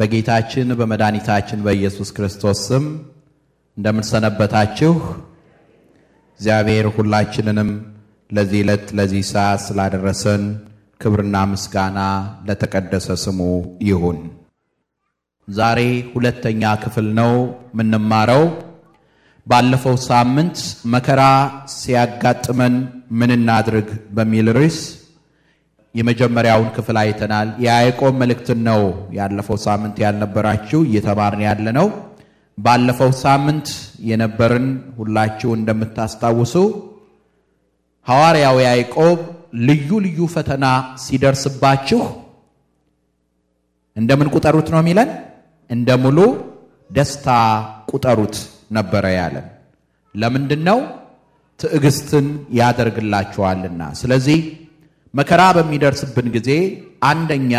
በጌታችን በመድኃኒታችን በኢየሱስ ክርስቶስ ስም እንደምንሰነበታችሁ እግዚአብሔር ሁላችንንም ለዚህ ዕለት ለዚህ ሰዓት ስላደረሰን ክብርና ምስጋና ለተቀደሰ ስሙ ይሁን። ዛሬ ሁለተኛ ክፍል ነው የምንማረው። ባለፈው ሳምንት መከራ ሲያጋጥመን ምን እናድርግ በሚል ርዕስ የመጀመሪያውን ክፍል አይተናል። የያዕቆብ መልእክትን ነው ያለፈው ሳምንት ያልነበራችሁ እየተማርን ያለ ነው። ባለፈው ሳምንት የነበርን ሁላችሁ እንደምታስታውሱ ሐዋርያው ያዕቆብ ልዩ ልዩ ፈተና ሲደርስባችሁ እንደምን ቁጠሩት ነው የሚለን? እንደ ሙሉ ደስታ ቁጠሩት ነበረ ያለን። ለምንድን ነው? ትዕግስትን ያደርግላችኋልና። ስለዚህ መከራ በሚደርስብን ጊዜ አንደኛ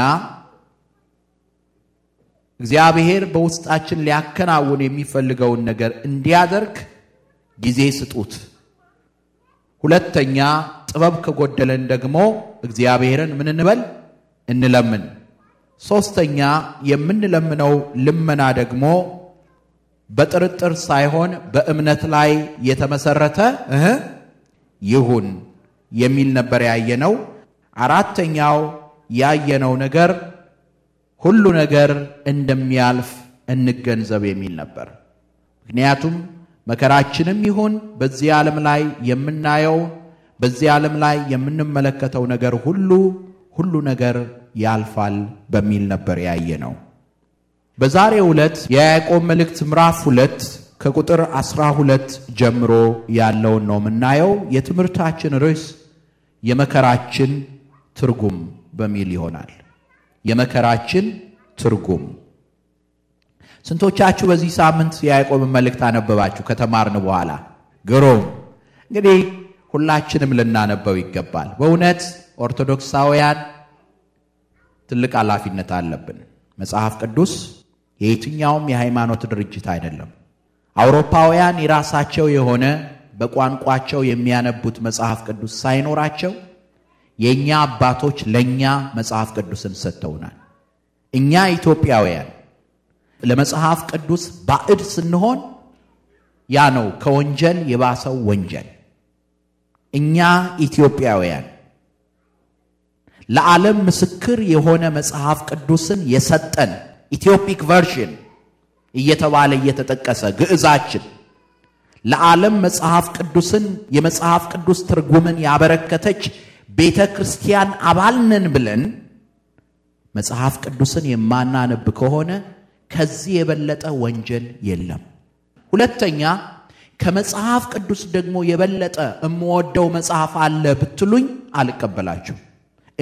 እግዚአብሔር በውስጣችን ሊያከናውን የሚፈልገውን ነገር እንዲያደርግ ጊዜ ስጡት። ሁለተኛ ጥበብ ከጎደለን ደግሞ እግዚአብሔርን ምን እንበል እንለምን። ሶስተኛ የምንለምነው ልመና ደግሞ በጥርጥር ሳይሆን በእምነት ላይ የተመሰረተ ይሁን የሚል ነበር ያየነው። አራተኛው ያየነው ነገር ሁሉ ነገር እንደሚያልፍ እንገንዘብ የሚል ነበር። ምክንያቱም መከራችንም ይሁን በዚህ ዓለም ላይ የምናየው በዚህ ዓለም ላይ የምንመለከተው ነገር ሁሉ ሁሉ ነገር ያልፋል በሚል ነበር ያየ ነው። በዛሬው ዕለት የያዕቆብ መልእክት ምዕራፍ ሁለት ከቁጥር ዐሥራ ሁለት ጀምሮ ያለውን ነው የምናየው። የትምህርታችን ርዕስ የመከራችን ትርጉም በሚል ይሆናል። የመከራችን ትርጉም። ስንቶቻችሁ በዚህ ሳምንት የያዕቆብን መልእክት አነበባችሁ? ከተማርን በኋላ ግሩም። እንግዲህ ሁላችንም ልናነበው ይገባል። በእውነት ኦርቶዶክሳውያን ትልቅ ኃላፊነት አለብን። መጽሐፍ ቅዱስ የየትኛውም የሃይማኖት ድርጅት አይደለም። አውሮፓውያን የራሳቸው የሆነ በቋንቋቸው የሚያነቡት መጽሐፍ ቅዱስ ሳይኖራቸው የእኛ አባቶች ለእኛ መጽሐፍ ቅዱስን ሰጥተውናል። እኛ ኢትዮጵያውያን ለመጽሐፍ ቅዱስ ባዕድ ስንሆን ያ ነው ከወንጀል የባሰው ወንጀል። እኛ ኢትዮጵያውያን ለዓለም ምስክር የሆነ መጽሐፍ ቅዱስን የሰጠን ኢትዮፒክ ቨርሽን እየተባለ እየተጠቀሰ ግዕዛችን ለዓለም መጽሐፍ ቅዱስን የመጽሐፍ ቅዱስ ትርጉምን ያበረከተች ቤተ ክርስቲያን አባልነን ብለን መጽሐፍ ቅዱስን የማናነብ ከሆነ ከዚህ የበለጠ ወንጀል የለም። ሁለተኛ ከመጽሐፍ ቅዱስ ደግሞ የበለጠ እምወደው መጽሐፍ አለ ብትሉኝ አልቀበላችሁ።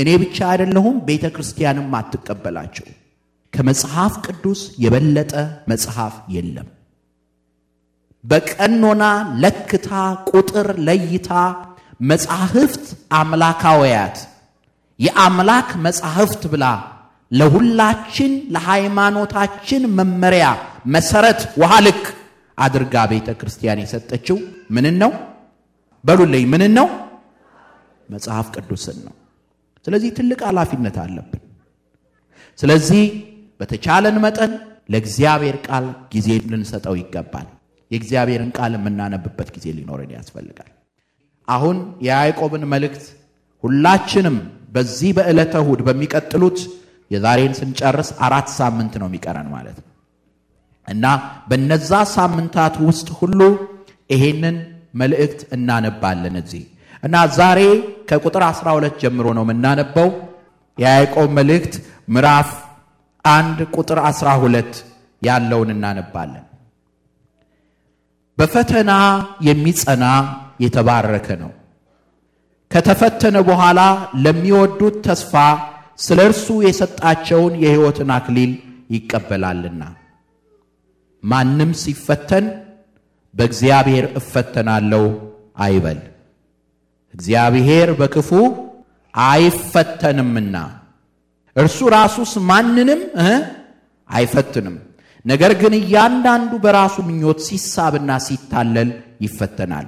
እኔ ብቻ አይደለሁም፣ ቤተ ክርስቲያንም አትቀበላችሁ። ከመጽሐፍ ቅዱስ የበለጠ መጽሐፍ የለም። በቀኖና ለክታ ቁጥር ለይታ መጻሕፍት አምላካውያት የአምላክ መጻሕፍት ብላ ለሁላችን ለሃይማኖታችን መመሪያ መሰረት ውሃ ልክ አድርጋ ቤተ ክርስቲያን የሰጠችው ምንን ነው? በሉልኝ፣ ምንን ነው? መጽሐፍ ቅዱስን ነው። ስለዚህ ትልቅ ኃላፊነት አለብን። ስለዚህ በተቻለን መጠን ለእግዚአብሔር ቃል ጊዜ ልንሰጠው ይገባል። የእግዚአብሔርን ቃል የምናነብበት ጊዜ ሊኖረን ያስፈልጋል። አሁን የያዕቆብን መልእክት ሁላችንም በዚህ በዕለተ እሁድ በሚቀጥሉት የዛሬን ስንጨርስ አራት ሳምንት ነው የሚቀረን ማለት ነው እና በነዛ ሳምንታት ውስጥ ሁሉ ይሄንን መልእክት እናነባለን እዚህ እና ዛሬ ከቁጥር 12 ጀምሮ ነው የምናነበው የያዕቆብ መልእክት ምዕራፍ አንድ ቁጥር 12 ያለውን እናነባለን። በፈተና የሚጸና የተባረከ ነው። ከተፈተነ በኋላ ለሚወዱት ተስፋ ስለ እርሱ የሰጣቸውን የሕይወትን አክሊል ይቀበላልና። ማንም ሲፈተን በእግዚአብሔር እፈተናለሁ አይበል፣ እግዚአብሔር በክፉ አይፈተንምና እርሱ ራሱስ ማንንም አይፈትንም። ነገር ግን እያንዳንዱ በራሱ ምኞት ሲሳብና ሲታለል ይፈተናል።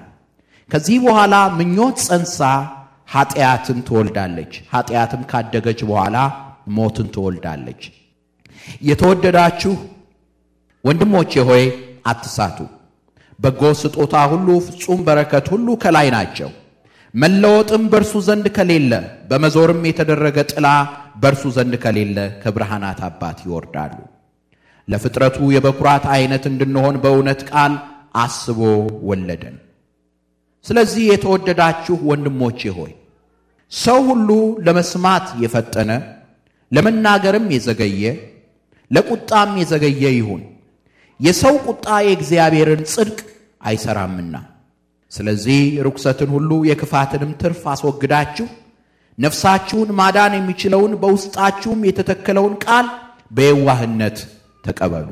ከዚህ በኋላ ምኞት ጸንሳ ኃጢአትን ትወልዳለች። ኃጢአትም ካደገች በኋላ ሞትን ትወልዳለች። የተወደዳችሁ ወንድሞቼ ሆይ አትሳቱ። በጎ ስጦታ ሁሉ ፍጹም በረከት ሁሉ ከላይ ናቸው፣ መለወጥም በእርሱ ዘንድ ከሌለ በመዞርም የተደረገ ጥላ በእርሱ ዘንድ ከሌለ ከብርሃናት አባት ይወርዳሉ። ለፍጥረቱ የበኩራት አይነት እንድንሆን በእውነት ቃል አስቦ ወለደን። ስለዚህ የተወደዳችሁ ወንድሞቼ ሆይ ሰው ሁሉ ለመስማት የፈጠነ ለመናገርም የዘገየ ለቁጣም የዘገየ ይሁን፣ የሰው ቁጣ የእግዚአብሔርን ጽድቅ አይሰራምና። ስለዚህ ርኩሰትን ሁሉ የክፋትንም ትርፍ አስወግዳችሁ ነፍሳችሁን ማዳን የሚችለውን በውስጣችሁም የተተከለውን ቃል በየዋህነት ተቀበሉ።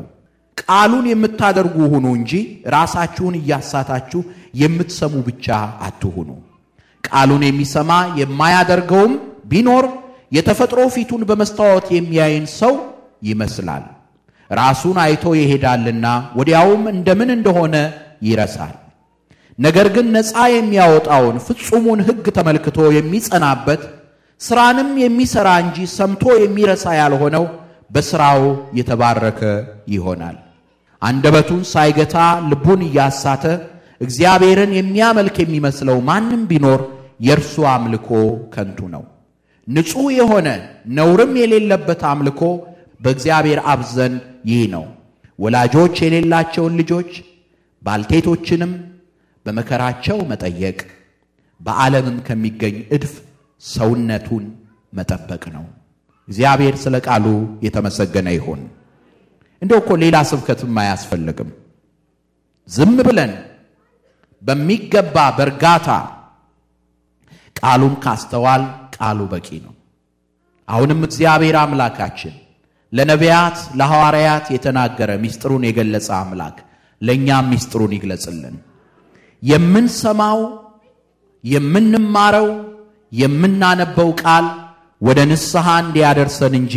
ቃሉን የምታደርጉ ሁኑ እንጂ ራሳችሁን እያሳታችሁ የምትሰሙ ብቻ አትሁኑ። ቃሉን የሚሰማ የማያደርገውም ቢኖር የተፈጥሮ ፊቱን በመስታወት የሚያይን ሰው ይመስላል። ራሱን አይቶ ይሄዳልና ወዲያውም እንደምን እንደሆነ ይረሳል። ነገር ግን ነፃ የሚያወጣውን ፍጹሙን ሕግ ተመልክቶ የሚጸናበት ሥራንም የሚሠራ እንጂ ሰምቶ የሚረሳ ያልሆነው በሥራው የተባረከ ይሆናል። አንደበቱን ሳይገታ ልቡን እያሳተ እግዚአብሔርን የሚያመልክ የሚመስለው ማንም ቢኖር የእርሱ አምልኮ ከንቱ ነው። ንጹሕ የሆነ ነውርም የሌለበት አምልኮ በእግዚአብሔር አብ ዘንድ ይህ ነው። ወላጆች የሌላቸውን ልጆች ባልቴቶችንም በመከራቸው መጠየቅ በዓለምም ከሚገኝ እድፍ ሰውነቱን መጠበቅ ነው። እግዚአብሔር ስለ ቃሉ የተመሰገነ ይሁን። እንደው እኮ ሌላ ስብከትም አያስፈልግም። ዝም ብለን በሚገባ በእርጋታ ቃሉን ካስተዋል ቃሉ በቂ ነው። አሁንም እግዚአብሔር አምላካችን ለነቢያት ለሐዋርያት የተናገረ ምስጢሩን የገለጸ አምላክ ለእኛም ምስጢሩን ይግለጽልን። የምንሰማው የምንማረው የምናነበው ቃል ወደ ንስሐ እንዲያደርሰን እንጂ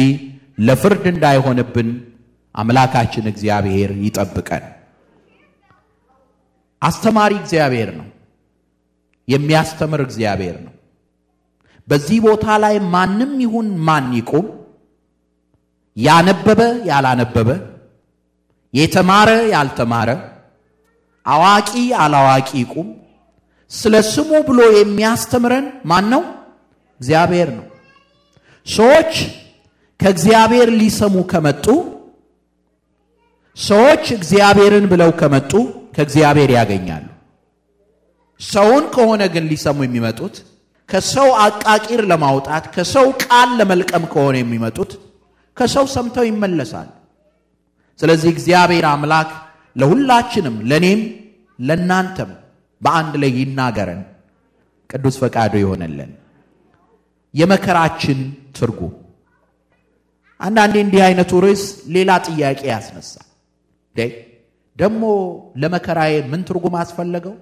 ለፍርድ እንዳይሆንብን አምላካችን እግዚአብሔር ይጠብቀን። አስተማሪ እግዚአብሔር ነው። የሚያስተምር እግዚአብሔር ነው። በዚህ ቦታ ላይ ማንም ይሁን ማን ይቁም፣ ያነበበ ያላነበበ፣ የተማረ ያልተማረ፣ አዋቂ አላዋቂ ይቁም፣ ስለ ስሙ ብሎ የሚያስተምረን ማን ነው? እግዚአብሔር ነው። ሰዎች ከእግዚአብሔር ሊሰሙ ከመጡ ሰዎች እግዚአብሔርን ብለው ከመጡ ከእግዚአብሔር ያገኛሉ። ሰውን ከሆነ ግን ሊሰሙ የሚመጡት ከሰው አቃቂር ለማውጣት ከሰው ቃል ለመልቀም ከሆነ የሚመጡት ከሰው ሰምተው ይመለሳል። ስለዚህ እግዚአብሔር አምላክ ለሁላችንም ለእኔም ለእናንተም በአንድ ላይ ይናገረን፣ ቅዱስ ፈቃዱ ይሆነልን። የመከራችን ትርጉም አንዳንዴ እንዲህ አይነቱ ርዕስ ሌላ ጥያቄ ያስነሳል። ደግሞ ለመከራዬ ምን ትርጉም አስፈለገው?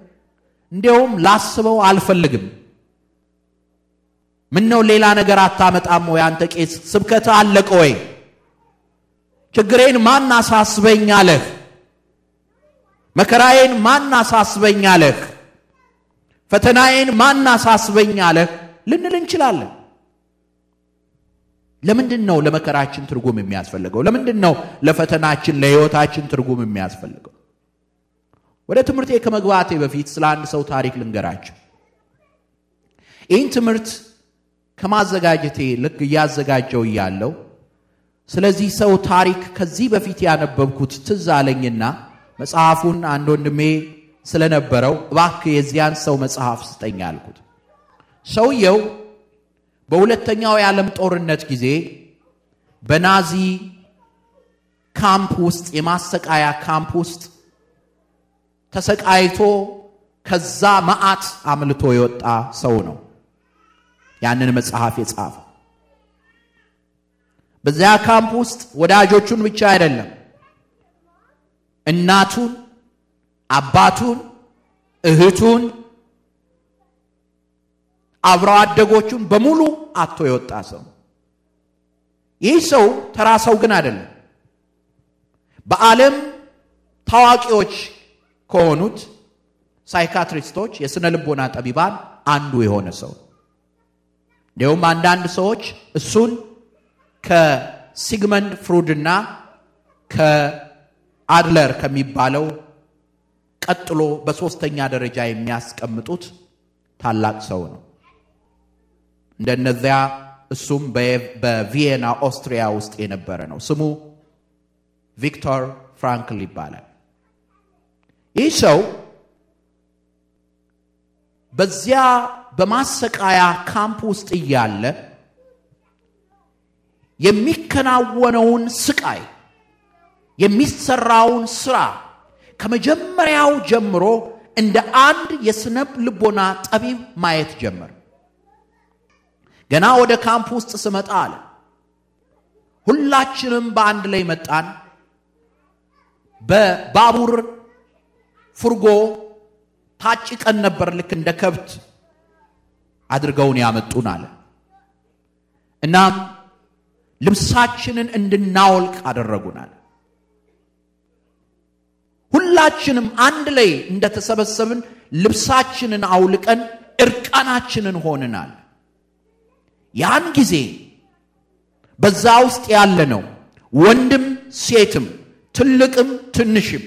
እንዲያውም ላስበው አልፈልግም። ነው ሌላ ነገር አታመጣም ወይ አንተ ቄስ? ስብከት አለቀ ወይ? ችግሬን ማን አሳስበኛለህ? መከራዬን ማን አሳስበኛለህ? ፈተናዬን ማን አሳስበኛለህ ልንል እንችላለን። ለምንድን ነው ለመከራችን ትርጉም የሚያስፈልገው? ለምንድን ነው ለፈተናችን ለሕይወታችን ትርጉም የሚያስፈልገው? ወደ ትምህርቴ ከመግባቴ በፊት ስለ አንድ ሰው ታሪክ ልንገራቸው? ይህን ትምህርት ከማዘጋጀቴ ልክ እያዘጋጀው እያለው ስለዚህ ሰው ታሪክ ከዚህ በፊት ያነበብኩት ትዝ አለኝና መጽሐፉን አንድ ወንድሜ ስለነበረው እባክህ የዚያን ሰው መጽሐፍ ስጠኝ አልኩት። ሰውየው በሁለተኛው የዓለም ጦርነት ጊዜ በናዚ ካምፕ ውስጥ የማሰቃያ ካምፕ ውስጥ ተሰቃይቶ ከዛ መዓት አምልቶ የወጣ ሰው ነው ያንን መጽሐፍ የጻፈ። በዚያ ካምፕ ውስጥ ወዳጆቹን ብቻ አይደለም እናቱን፣ አባቱን፣ እህቱን፣ አብረው አደጎቹን በሙሉ አቶ የወጣ ሰው። ይህ ሰው ተራ ሰው ግን አይደለም። በዓለም ታዋቂዎች ከሆኑት ሳይካትሪስቶች፣ የሥነ ልቦና ጠቢባን አንዱ የሆነ ሰው እንዲሁም አንዳንድ ሰዎች እሱን ከሲግመንድ ፍሩድና ከአድለር ከሚባለው ቀጥሎ በሦስተኛ ደረጃ የሚያስቀምጡት ታላቅ ሰው ነው። እንደነዚያ እሱም በቪየና ኦስትሪያ ውስጥ የነበረ ነው። ስሙ ቪክቶር ፍራንክል ይባላል። ይህ ሰው በዚያ በማሰቃያ ካምፕ ውስጥ እያለ የሚከናወነውን ስቃይ የሚሰራውን ስራ ከመጀመሪያው ጀምሮ እንደ አንድ የስነ ልቦና ጠቢብ ማየት ጀመር። ገና ወደ ካምፕ ውስጥ ስመጣ አለ ሁላችንም በአንድ ላይ መጣን። በባቡር ፉርጎ ታጭቀን ነበር። ልክ እንደ ከብት አድርገውን ያመጡን አለ። እናም ልብሳችንን እንድናወልቅ አደረጉን አለ። ሁላችንም አንድ ላይ እንደተሰበሰብን ልብሳችንን አውልቀን እርቃናችንን ሆንን አለ። ያን ጊዜ በዛ ውስጥ ያለ ነው ወንድም ሴትም ትልቅም ትንሽም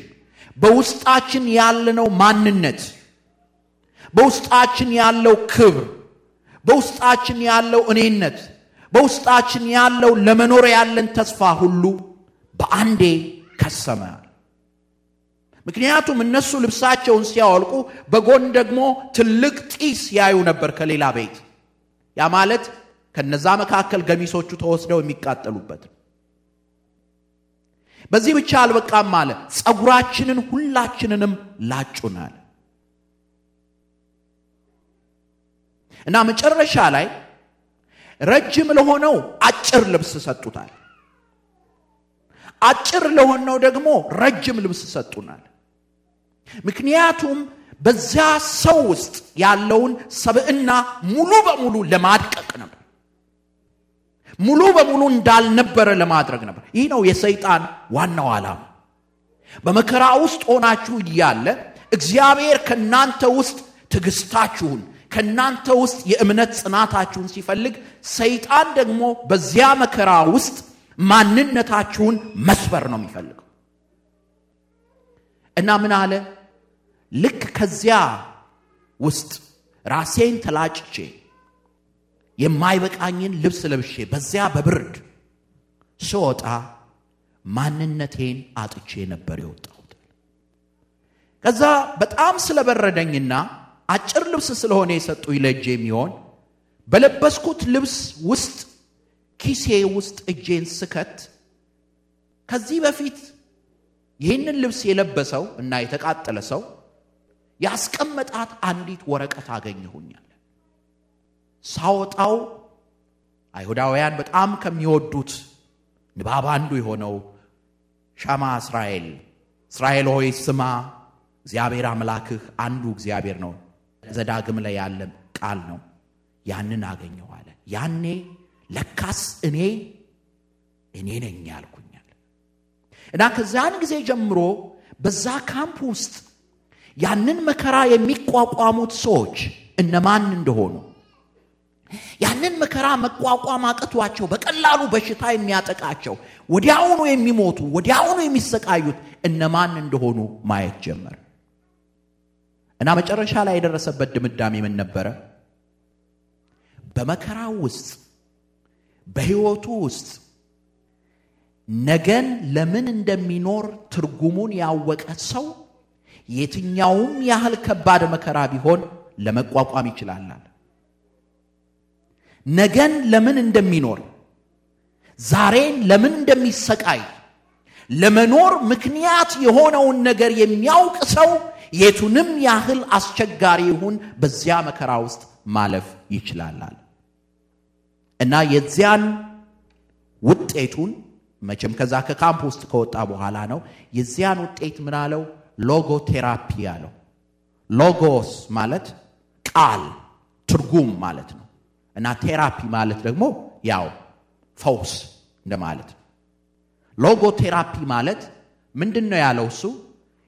በውስጣችን ያለነው ማንነት በውስጣችን ያለው ክብር በውስጣችን ያለው እኔነት በውስጣችን ያለው ለመኖር ያለን ተስፋ ሁሉ በአንዴ ከሰመ። ምክንያቱም እነሱ ልብሳቸውን ሲያወልቁ በጎን ደግሞ ትልቅ ጢስ ያዩ ነበር ከሌላ ቤት ያ ማለት ከነዛ መካከል ገሚሶቹ ተወስደው የሚቃጠሉበት ነው። በዚህ ብቻ አልበቃም አለ፣ ጸጉራችንን ሁላችንንም ላጩናል እና መጨረሻ ላይ ረጅም ለሆነው አጭር ልብስ ሰጡታል። አጭር ለሆነው ደግሞ ረጅም ልብስ ሰጡናል። ምክንያቱም በዚያ ሰው ውስጥ ያለውን ሰብዕና ሙሉ በሙሉ ለማድቀቅ ነበር። ሙሉ በሙሉ እንዳልነበረ ለማድረግ ነበር። ይህ ነው የሰይጣን ዋናው ዓላማ። በመከራ ውስጥ ሆናችሁ እያለ እግዚአብሔር ከእናንተ ውስጥ ትዕግስታችሁን ከእናንተ ውስጥ የእምነት ጽናታችሁን ሲፈልግ፣ ሰይጣን ደግሞ በዚያ መከራ ውስጥ ማንነታችሁን መስበር ነው የሚፈልገው እና ምን አለ ልክ ከዚያ ውስጥ ራሴን ተላጭቼ የማይበቃኝን ልብስ ለብሼ በዚያ በብርድ ስወጣ ማንነቴን አጥቼ ነበር የወጣሁት። ከዛ በጣም ስለበረደኝና አጭር ልብስ ስለሆነ የሰጡኝ ለእጄ የሚሆን በለበስኩት ልብስ ውስጥ ኪሴ ውስጥ እጄን ስከት ከዚህ በፊት ይህንን ልብስ የለበሰው እና የተቃጠለ ሰው ያስቀመጣት አንዲት ወረቀት አገኘሁኛል። ሳወጣው አይሁዳውያን በጣም ከሚወዱት ንባብ አንዱ የሆነው ሻማ እስራኤል እስራኤል ሆይ ስማ እግዚአብሔር አምላክህ አንዱ እግዚአብሔር ነው። ዘዳግም ላይ ያለ ቃል ነው። ያንን አገኘው አለ። ያኔ ለካስ እኔ እኔ ነኝ ያልኩኛል እና ከዚያን ጊዜ ጀምሮ በዛ ካምፕ ውስጥ ያንን መከራ የሚቋቋሙት ሰዎች እነማን እንደሆኑ ያንን መከራ መቋቋም አቅቷቸው በቀላሉ በሽታ የሚያጠቃቸው ወዲያውኑ የሚሞቱ ወዲያውኑ የሚሰቃዩት እነማን እንደሆኑ ማየት ጀመር እና መጨረሻ ላይ የደረሰበት ድምዳሜ ምን ነበረ? በመከራው ውስጥ በሕይወቱ ውስጥ ነገን ለምን እንደሚኖር ትርጉሙን ያወቀ ሰው የትኛውም ያህል ከባድ መከራ ቢሆን ለመቋቋም ይችላላል። ነገን ለምን እንደሚኖር ዛሬን ለምን እንደሚሰቃይ ለመኖር ምክንያት የሆነውን ነገር የሚያውቅ ሰው የቱንም ያህል አስቸጋሪ ይሁን በዚያ መከራ ውስጥ ማለፍ ይችላላል። እና የዚያን ውጤቱን መቼም ከዛ ከካምፕ ውስጥ ከወጣ በኋላ ነው። የዚያን ውጤት ምናለው ሎጎ ሎጎቴራፒ አለው። ሎጎስ ማለት ቃል ትርጉም ማለት ነው። እና ቴራፒ ማለት ደግሞ ያው ፈውስ እንደማለት ነው። ሎጎ ቴራፒ ማለት ምንድን ነው ያለው እሱ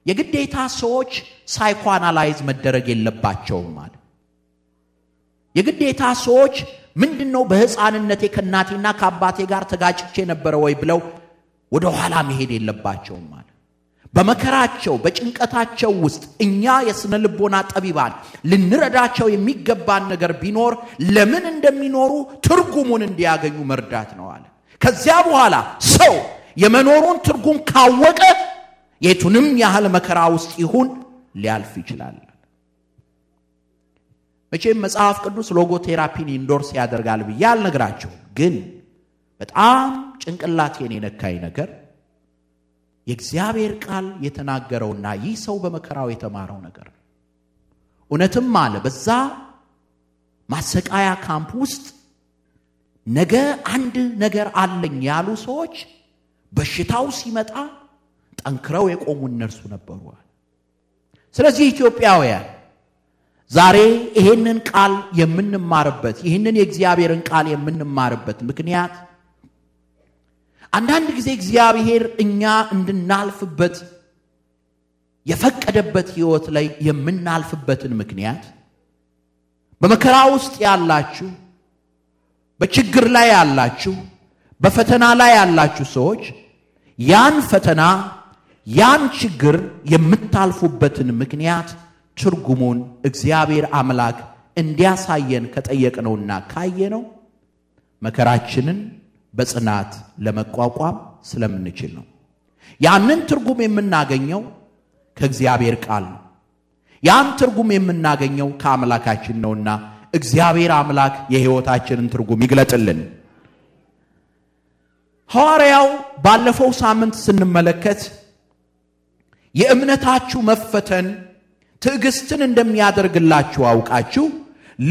የግዴታ ሰዎች ሳይኮአናላይዝ መደረግ የለባቸውም ማለት የግዴታ ሰዎች ምንድን ነው በሕፃንነቴ ከእናቴና ከአባቴ ጋር ተጋጭቼ ነበረ ወይ ብለው ወደ ኋላ መሄድ የለባቸውም ማለት በመከራቸው በጭንቀታቸው ውስጥ እኛ የሥነ ልቦና ጠቢባን ልንረዳቸው የሚገባን ነገር ቢኖር ለምን እንደሚኖሩ ትርጉሙን እንዲያገኙ መርዳት ነው አለ። ከዚያ በኋላ ሰው የመኖሩን ትርጉም ካወቀ የቱንም ያህል መከራ ውስጥ ይሁን ሊያልፍ ይችላል። መቼም መጽሐፍ ቅዱስ ሎጎቴራፒን ኢንዶርስ ያደርጋል ብዬ አልነግራቸውም። ግን በጣም ጭንቅላቴን የነካኝ ነገር የእግዚአብሔር ቃል የተናገረውና ይህ ሰው በመከራው የተማረው ነገር እውነትም አለ በዛ ማሰቃያ ካምፕ ውስጥ ነገ አንድ ነገር አለኝ ያሉ ሰዎች በሽታው ሲመጣ ጠንክረው የቆሙ እነርሱ ነበሩ። ስለዚህ ኢትዮጵያውያን ዛሬ ይህንን ቃል የምንማርበት ይህንን የእግዚአብሔርን ቃል የምንማርበት ምክንያት አንዳንድ ጊዜ እግዚአብሔር እኛ እንድናልፍበት የፈቀደበት ህይወት ላይ የምናልፍበትን ምክንያት በመከራ ውስጥ ያላችሁ፣ በችግር ላይ ያላችሁ፣ በፈተና ላይ ያላችሁ ሰዎች ያን ፈተና ያን ችግር የምታልፉበትን ምክንያት ትርጉሙን እግዚአብሔር አምላክ እንዲያሳየን ከጠየቅነውና ካየነው መከራችንን በጽናት ለመቋቋም ስለምንችል ነው። ያንን ትርጉም የምናገኘው ከእግዚአብሔር ቃል ነው። ያን ትርጉም የምናገኘው ከአምላካችን ነውና እግዚአብሔር አምላክ የሕይወታችንን ትርጉም ይግለጥልን። ሐዋርያው ባለፈው ሳምንት ስንመለከት የእምነታችሁ መፈተን ትዕግስትን እንደሚያደርግላችሁ አውቃችሁ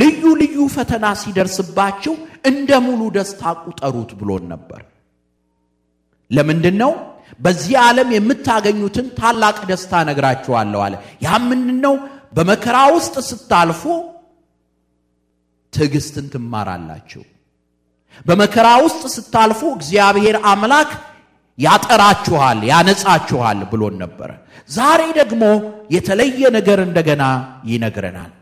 ልዩ ልዩ ፈተና ሲደርስባቸው እንደ ሙሉ ደስታ ቁጠሩት ብሎን ነበር። ለምንድን ነው? በዚህ ዓለም የምታገኙትን ታላቅ ደስታ ነግራችኋለሁ አለ። ያ ምንድን ነው? በመከራ ውስጥ ስታልፉ ትዕግስትን ትማራላችሁ። በመከራ ውስጥ ስታልፉ እግዚአብሔር አምላክ ያጠራችኋል፣ ያነጻችኋል ብሎን ነበረ። ዛሬ ደግሞ የተለየ ነገር እንደገና ይነግረናል።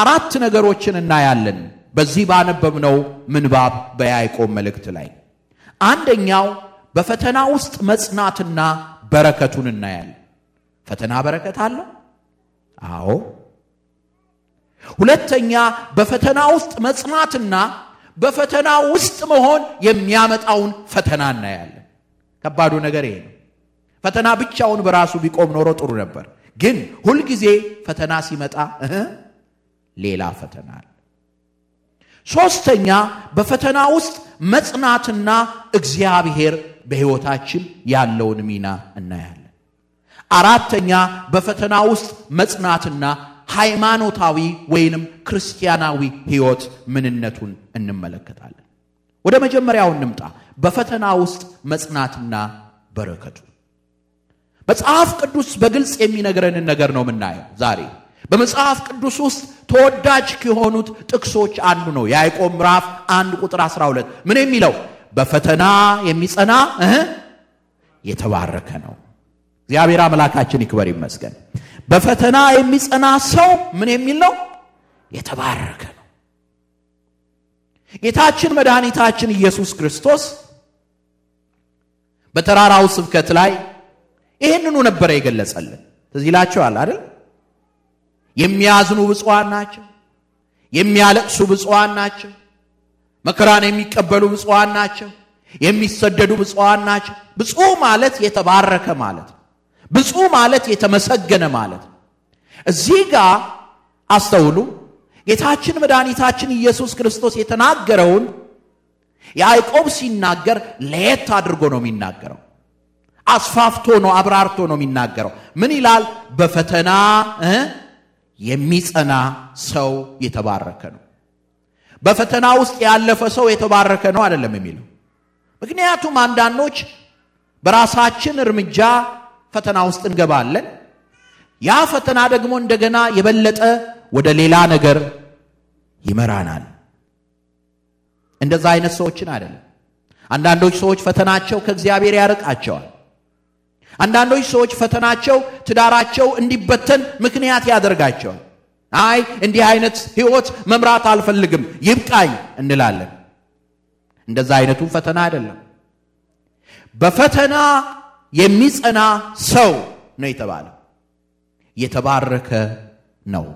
አራት ነገሮችን እናያለን በዚህ ባነበብነው ምንባብ በያዕቆብ መልእክት ላይ። አንደኛው በፈተና ውስጥ መጽናትና በረከቱን እናያለን። ፈተና በረከት አለው? አዎ። ሁለተኛ በፈተና ውስጥ መጽናትና በፈተና ውስጥ መሆን የሚያመጣውን ፈተና እናያለን። ከባዱ ነገር ይሄ ነው። ፈተና ብቻውን በራሱ ቢቆም ኖሮ ጥሩ ነበር፣ ግን ሁልጊዜ ፈተና ሲመጣ ሌላ ፈተና አለ። ሶስተኛ በፈተና ውስጥ መጽናትና እግዚአብሔር በሕይወታችን ያለውን ሚና እናያለን። አራተኛ በፈተና ውስጥ መጽናትና ሃይማኖታዊ ወይንም ክርስቲያናዊ ሕይወት ምንነቱን እንመለከታለን። ወደ መጀመሪያው እንምጣ፣ በፈተና ውስጥ መጽናትና በረከቱ። መጽሐፍ ቅዱስ በግልጽ የሚነግረንን ነገር ነው የምናየው ዛሬ በመጽሐፍ ቅዱስ ውስጥ ተወዳጅ ከሆኑት ጥቅሶች አንዱ ነው። ያዕቆብ ምዕራፍ አንድ ቁጥር 12 ምን የሚለው በፈተና የሚጸና የተባረከ ነው። እግዚአብሔር አምላካችን ይክበር ይመስገን። በፈተና የሚጸና ሰው ምን የሚል ነው? የተባረከ ነው። ጌታችን መድኃኒታችን ኢየሱስ ክርስቶስ በተራራው ስብከት ላይ ይህንኑ ነበረ የገለጸልን። ትዝ ይላችኋል አይደል? የሚያዝኑ ብፁዓን ናቸው። የሚያለቅሱ ብፁዓን ናቸው። መከራን የሚቀበሉ ብፁዓን ናቸው። የሚሰደዱ ብፁዓን ናቸው። ብፁ ማለት የተባረከ ማለት ነው። ማለት የተመሰገነ ማለት ነው። እዚህ ጋር አስተውሉ። ጌታችን መድኃኒታችን ኢየሱስ ክርስቶስ የተናገረውን ያዕቆብ ሲናገር ለየት አድርጎ ነው የሚናገረው። አስፋፍቶ ነው፣ አብራርቶ ነው የሚናገረው። ምን ይላል? በፈተና የሚጸና ሰው የተባረከ ነው። በፈተና ውስጥ ያለፈ ሰው የተባረከ ነው አይደለም የሚለው። ምክንያቱም አንዳንዶች በራሳችን እርምጃ ፈተና ውስጥ እንገባለን። ያ ፈተና ደግሞ እንደገና የበለጠ ወደ ሌላ ነገር ይመራናል። እንደዛ አይነት ሰዎችን አይደለም። አንዳንዶች ሰዎች ፈተናቸው ከእግዚአብሔር ያርቃቸዋል። አንዳንዶች ሰዎች ፈተናቸው ትዳራቸው እንዲበተን ምክንያት ያደርጋቸዋል። አይ እንዲህ አይነት ህይወት መምራት አልፈልግም ይብቃኝ እንላለን። እንደዛ አይነቱ ፈተና አይደለም። በፈተና የሚጸና ሰው ነው የተባለው። የተባረከ ነው፣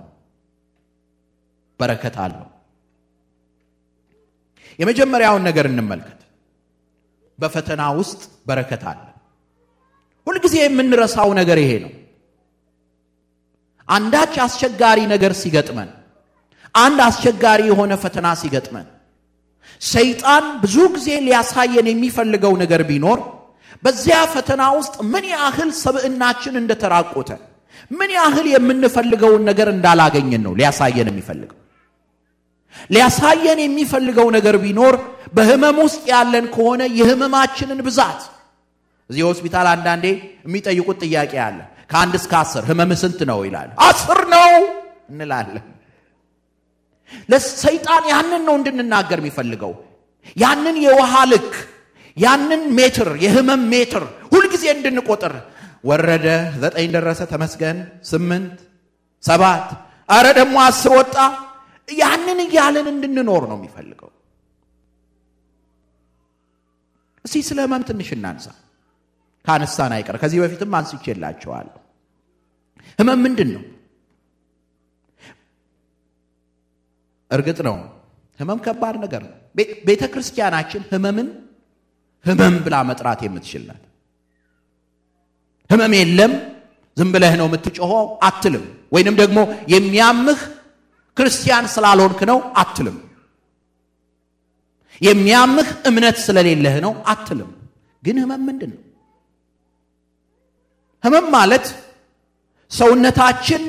በረከት አለው። የመጀመሪያውን ነገር እንመልከት። በፈተና ውስጥ በረከት አለ። ሁልጊዜ የምንረሳው ነገር ይሄ ነው። አንዳች አስቸጋሪ ነገር ሲገጥመን፣ አንድ አስቸጋሪ የሆነ ፈተና ሲገጥመን ሰይጣን ብዙ ጊዜ ሊያሳየን የሚፈልገው ነገር ቢኖር በዚያ ፈተና ውስጥ ምን ያህል ሰብዕናችን እንደተራቆተ ምን ያህል የምንፈልገውን ነገር እንዳላገኘን ነው ሊያሳየን የሚፈልገው። ሊያሳየን የሚፈልገው ነገር ቢኖር በህመም ውስጥ ያለን ከሆነ የህመማችንን ብዛት እዚህ ሆስፒታል አንዳንዴ የሚጠይቁት ጥያቄ አለ። ከአንድ እስከ አስር ህመም ስንት ነው ይላል። አስር ነው እንላለን። ለሰይጣን ያንን ነው እንድንናገር የሚፈልገው። ያንን የውሃ ልክ፣ ያንን ሜትር፣ የህመም ሜትር ሁልጊዜ እንድንቆጥር ወረደ፣ ዘጠኝ ደረሰ፣ ተመስገን፣ ስምንት፣ ሰባት፣ አረ ደግሞ አስር ወጣ። ያንን እያለን እንድንኖር ነው የሚፈልገው። እስቲ ስለ ህመም ትንሽ እናንሳ። ካነሳን አይቀር ከዚህ በፊትም አንስቼላቸዋለሁ። ህመም ምንድን ነው? እርግጥ ነው ህመም ከባድ ነገር ነው። ቤተ ክርስቲያናችን ህመምን ህመም ብላ መጥራት የምትችል ናት። ህመም የለም ዝም ብለህ ነው የምትጮሆ አትልም። ወይንም ደግሞ የሚያምህ ክርስቲያን ስላልሆንክ ነው አትልም። የሚያምህ እምነት ስለሌለህ ነው አትልም። ግን ህመም ምንድን ነው? ህመም ማለት ሰውነታችን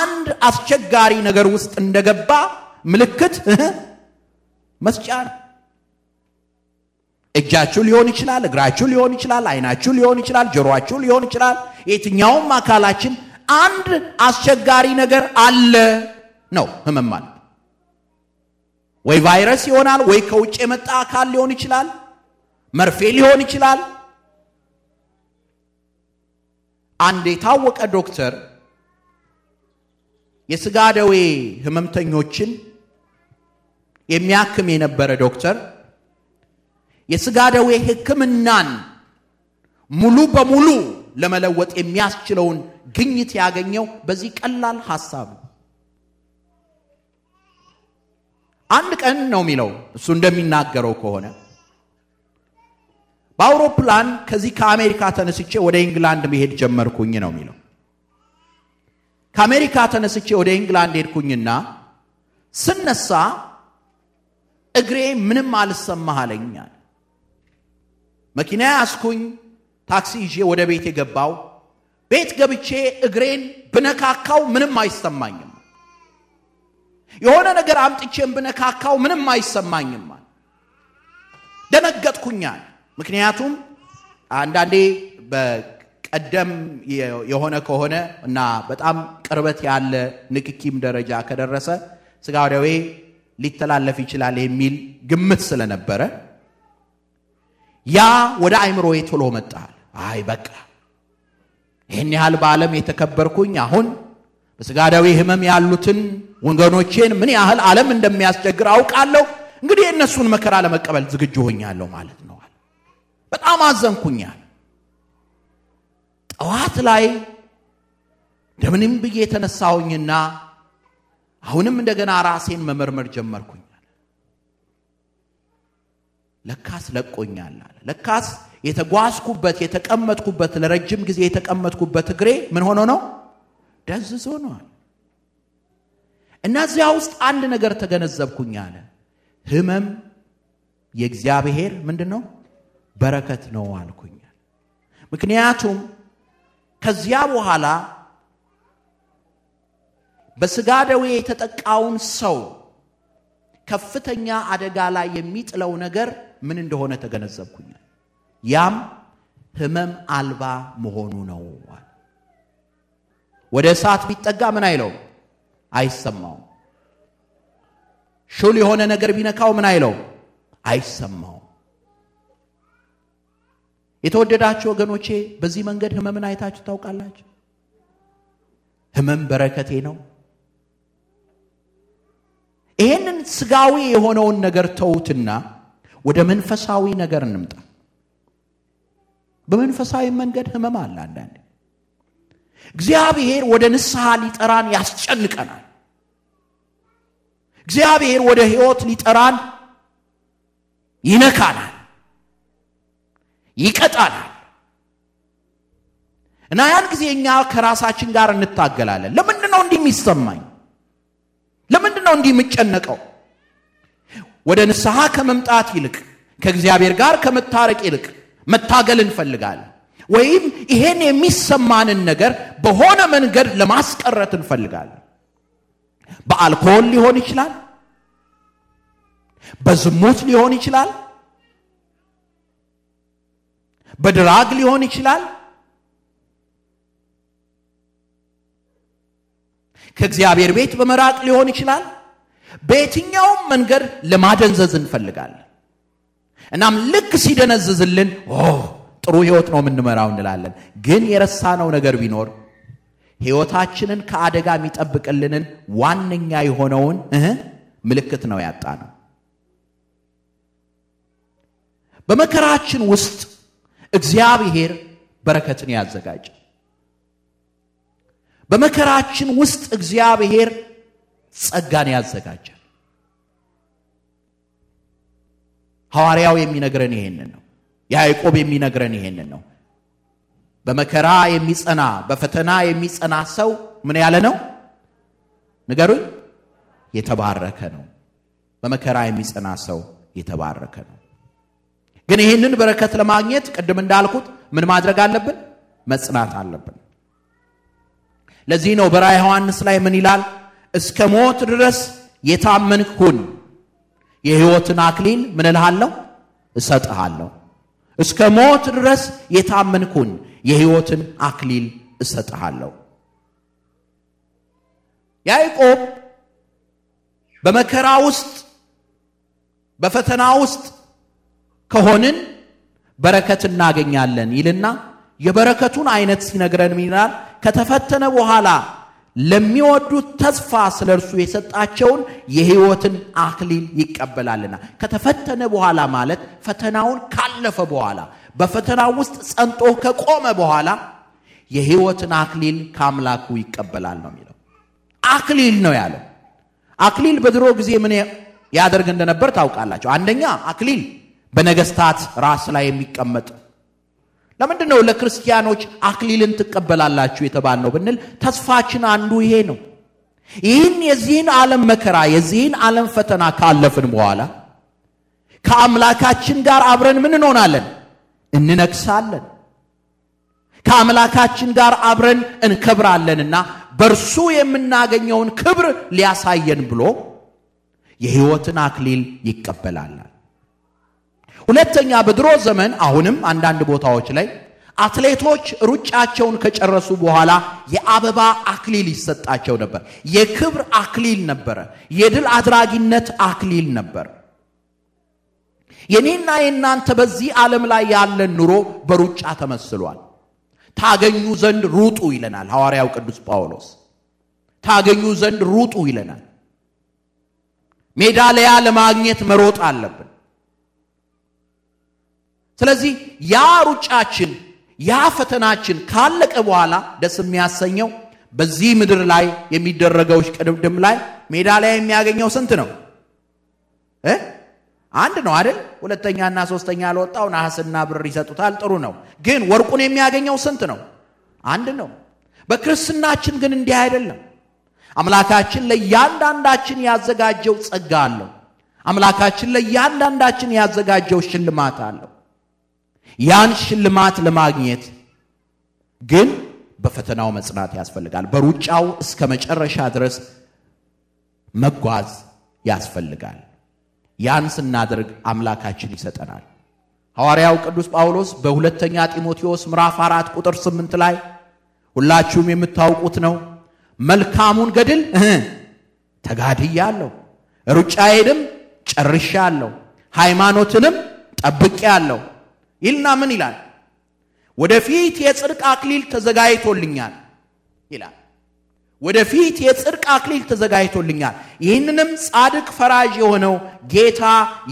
አንድ አስቸጋሪ ነገር ውስጥ እንደገባ ምልክት መስጫ ነው። እጃችሁ ሊሆን ይችላል፣ እግራችሁ ሊሆን ይችላል፣ አይናችሁ ሊሆን ይችላል፣ ጆሮአችሁ ሊሆን ይችላል። የትኛውም አካላችን አንድ አስቸጋሪ ነገር አለ ነው ህመም ማለት። ወይ ቫይረስ ይሆናል፣ ወይ ከውጭ የመጣ አካል ሊሆን ይችላል፣ መርፌ ሊሆን ይችላል። አንድ የታወቀ ዶክተር የስጋ ደዌ ህመምተኞችን የሚያክም የነበረ ዶክተር የስጋ ደዌ ህክምናን ሙሉ በሙሉ ለመለወጥ የሚያስችለውን ግኝት ያገኘው በዚህ ቀላል ሐሳብ አንድ ቀን ነው የሚለው እሱ እንደሚናገረው ከሆነ በአውሮፕላን ከዚህ ከአሜሪካ ተነስቼ ወደ ኢንግላንድ መሄድ ጀመርኩኝ ነው የሚለው። ከአሜሪካ ተነስቼ ወደ ኢንግላንድ ሄድኩኝና ስነሳ እግሬ ምንም አልሰማህ አለኛል። መኪና ያስኩኝ፣ ታክሲ ይዤ ወደ ቤት የገባው። ቤት ገብቼ እግሬን ብነካካው ምንም አይሰማኝም፣ የሆነ ነገር አምጥቼን ብነካካው ምንም አይሰማኝም። ደነገጥኩኛል። ምክንያቱም አንዳንዴ በቀደም የሆነ ከሆነ እና በጣም ቅርበት ያለ ንክኪም ደረጃ ከደረሰ ስጋ ደዌ ሊተላለፍ ይችላል የሚል ግምት ስለነበረ ያ ወደ አይምሮ ቶሎ መጣል። አይ በቃ ይህን ያህል በዓለም የተከበርኩኝ አሁን በስጋ ደዌ ህመም ያሉትን ወገኖቼን ምን ያህል ዓለም እንደሚያስቸግር አውቃለሁ። እንግዲህ የእነሱን መከራ ለመቀበል ዝግጁ ሆኛለሁ ማለት ነው። በጣም አዘንኩኛል። ጠዋት ላይ እንደምንም ብዬ የተነሳሁኝና አሁንም እንደገና ራሴን መመርመር ጀመርኩኛል። ለካስ ለቆኛል አለ። ለካስ የተጓዝኩበት የተቀመጥኩበት ለረጅም ጊዜ የተቀመጥኩበት እግሬ ምን ሆኖ ነው ደንዝዞ ነዋል። እዚያ ውስጥ አንድ ነገር ተገነዘብኩኝ አለ። ህመም የእግዚአብሔር ምንድን ነው በረከት ነው አልኩኛል። ምክንያቱም ከዚያ በኋላ በስጋ ደዌ የተጠቃውን ሰው ከፍተኛ አደጋ ላይ የሚጥለው ነገር ምን እንደሆነ ተገነዘብኩኛል። ያም ህመም አልባ መሆኑ ነው። ወደ እሳት ቢጠጋ ምን አይለው አይሰማውም። ሹል የሆነ ነገር ቢነካው ምን አይለው አይሰማው? የተወደዳችሁ ወገኖቼ በዚህ መንገድ ህመምን አይታችሁ ታውቃላችሁ? ህመም በረከቴ ነው። ይህንን ስጋዊ የሆነውን ነገር ተውትና ወደ መንፈሳዊ ነገር እንምጣ። በመንፈሳዊ መንገድ ህመም አለ። አንዳንዴ እግዚአብሔር ወደ ንስሐ ሊጠራን ያስጨንቀናል። እግዚአብሔር ወደ ህይወት ሊጠራን ይነካናል። ይቀጣናል። እና ያን ጊዜ እኛ ከራሳችን ጋር እንታገላለን። ለምንድን ነው እንዲህ የሚሰማኝ? ለምንድን ነው እንዲህ የምጨነቀው? ወደ ንስሐ ከመምጣት ይልቅ ከእግዚአብሔር ጋር ከመታረቅ ይልቅ መታገል እንፈልጋለን። ወይም ይሄን የሚሰማንን ነገር በሆነ መንገድ ለማስቀረት እንፈልጋለን። በአልኮል ሊሆን ይችላል፣ በዝሙት ሊሆን ይችላል በድራግ ሊሆን ይችላል። ከእግዚአብሔር ቤት በመራቅ ሊሆን ይችላል። በየትኛውም መንገድ ለማደንዘዝ እንፈልጋለን። እናም ልክ ሲደነዝዝልን ጥሩ ህይወት ነው የምንመራው እንላለን። ግን የረሳነው ነገር ቢኖር ህይወታችንን ከአደጋ የሚጠብቅልንን ዋነኛ የሆነውን ምልክት ነው ያጣነው። በመከራችን ውስጥ እግዚአብሔር በረከትን ያዘጋጅ በመከራችን ውስጥ እግዚአብሔር ጸጋን ያዘጋጃል። ሐዋርያው የሚነግረን ይሄንን ነው። ያዕቆብ የሚነግረን ይሄንን ነው። በመከራ የሚጸና በፈተና የሚጸና ሰው ምን ያለ ነው? ንገሩኝ። የተባረከ ነው። በመከራ የሚጸና ሰው የተባረከ ነው። ግን ይህንን በረከት ለማግኘት ቅድም እንዳልኩት ምን ማድረግ አለብን? መጽናት አለብን። ለዚህ ነው በራ ዮሐንስ ላይ ምን ይላል? እስከ ሞት ድረስ የታመንኩን ሁን፣ የሕይወትን አክሊል ምን እልሃለሁ እሰጥሃለሁ። እስከ ሞት ድረስ የታመንኩን ሁን፣ የሕይወትን አክሊል እሰጥሃለሁ። ያዕቆብ በመከራ ውስጥ በፈተና ውስጥ ከሆንን በረከት እናገኛለን ይልና የበረከቱን አይነት ሲነግረን ይላል ከተፈተነ በኋላ ለሚወዱት ተስፋ ስለ እርሱ የሰጣቸውን የህይወትን አክሊል ይቀበላልና። ከተፈተነ በኋላ ማለት ፈተናውን ካለፈ በኋላ በፈተናው ውስጥ ጸንጦ ከቆመ በኋላ የህይወትን አክሊል ከአምላኩ ይቀበላል ነው የሚለው። አክሊል ነው ያለው። አክሊል በድሮ ጊዜ ምን ያደርግ እንደነበር ታውቃላቸው? አንደኛ አክሊል በነገስታት ራስ ላይ የሚቀመጥ ለምንድን ነው ለክርስቲያኖች አክሊልን ትቀበላላችሁ ነው ብንል ተስፋችን አንዱ ይሄ ነው። ይህን የዚህን ዓለም መከራ የዚህን ዓለም ፈተና ካለፍን በኋላ ከአምላካችን ጋር አብረን ምን እንሆናለን? እንነግሳለን። ከአምላካችን ጋር አብረን እንከብራለንና በእርሱ የምናገኘውን ክብር ሊያሳየን ብሎ የሕይወትን አክሊል ይቀበላል። ሁለተኛ በድሮ ዘመን አሁንም አንዳንድ ቦታዎች ላይ አትሌቶች ሩጫቸውን ከጨረሱ በኋላ የአበባ አክሊል ይሰጣቸው ነበር። የክብር አክሊል ነበረ። የድል አድራጊነት አክሊል ነበር። የኔና የእናንተ በዚህ ዓለም ላይ ያለን ኑሮ በሩጫ ተመስሏል። ታገኙ ዘንድ ሩጡ ይለናል ሐዋርያው ቅዱስ ጳውሎስ። ታገኙ ዘንድ ሩጡ ይለናል። ሜዳሊያ ለማግኘት መሮጥ አለብን። ስለዚህ ያ ሩጫችን ያ ፈተናችን ካለቀ በኋላ ደስ የሚያሰኘው በዚህ ምድር ላይ የሚደረገው ቅድምድም ላይ ሜዳሊያ የሚያገኘው ስንት ነው? አንድ ነው አይደል? ሁለተኛና ሶስተኛ ለወጣው ነሐስና ብር ይሰጡታል። ጥሩ ነው። ግን ወርቁን የሚያገኘው ስንት ነው? አንድ ነው። በክርስትናችን ግን እንዲህ አይደለም። አምላካችን ለእያንዳንዳችን ያዘጋጀው ጸጋ አለው። አምላካችን ለእያንዳንዳችን ያዘጋጀው ሽልማት አለው። ያን ሽልማት ለማግኘት ግን በፈተናው መጽናት ያስፈልጋል። በሩጫው እስከ መጨረሻ ድረስ መጓዝ ያስፈልጋል። ያን ስናደርግ አምላካችን ይሰጠናል። ሐዋርያው ቅዱስ ጳውሎስ በሁለተኛ ጢሞቴዎስ ምዕራፍ አራት ቁጥር ስምንት ላይ ሁላችሁም የምታውቁት ነው መልካሙን ገድል ተጋድያለሁ፣ ሩጫዬንም ጨርሻለሁ፣ ሃይማኖትንም ጠብቄአለሁ ይልና ምን ይላል? ወደፊት የጽድቅ አክሊል ተዘጋጅቶልኛል ይላል። ወደፊት የጽድቅ አክሊል ተዘጋጅቶልኛል። ይህንንም ጻድቅ ፈራጅ የሆነው ጌታ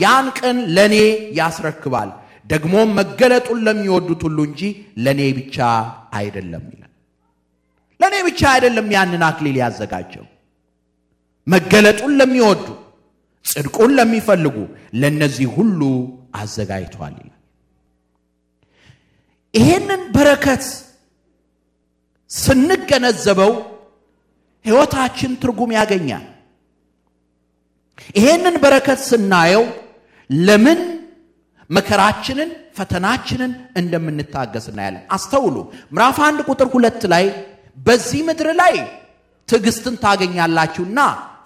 ያን ቀን ለእኔ ያስረክባል። ደግሞም መገለጡን ለሚወዱት ሁሉ እንጂ ለእኔ ብቻ አይደለም ይላል። ለእኔ ብቻ አይደለም ያንን አክሊል ያዘጋጀው መገለጡን ለሚወዱ ጽድቁን ለሚፈልጉ ለእነዚህ ሁሉ አዘጋጅቷል ይላል። ይሄንን በረከት ስንገነዘበው ሕይወታችን ትርጉም ያገኛል። ይሄንን በረከት ስናየው ለምን መከራችንን ፈተናችንን እንደምንታገስ እናያለን። አስተውሉ። ምዕራፍ አንድ ቁጥር ሁለት ላይ በዚህ ምድር ላይ ትዕግስትን ታገኛላችሁና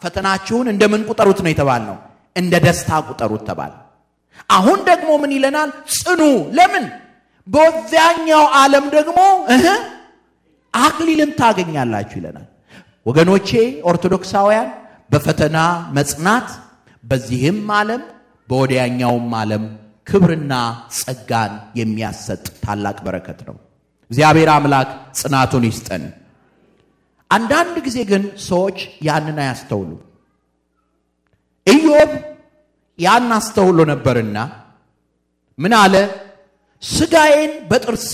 ፈተናችሁን እንደምን ቁጠሩት ነው የተባልነው? እንደ ደስታ ቁጠሩት ተባለ። አሁን ደግሞ ምን ይለናል? ጽኑ። ለምን በዚያኛው ዓለም ደግሞ አክሊልን ታገኛላችሁ ይለናል። ወገኖቼ ኦርቶዶክሳውያን በፈተና መጽናት፣ በዚህም ዓለም በወዲያኛውም ዓለም ክብርና ጸጋን የሚያሰጥ ታላቅ በረከት ነው። እግዚአብሔር አምላክ ጽናቱን ይስጠን። አንዳንድ ጊዜ ግን ሰዎች ያንን አያስተውሉ። ኢዮብ ያን አስተውሎ ነበርና ምን አለ? ስጋዬን በጥርሴ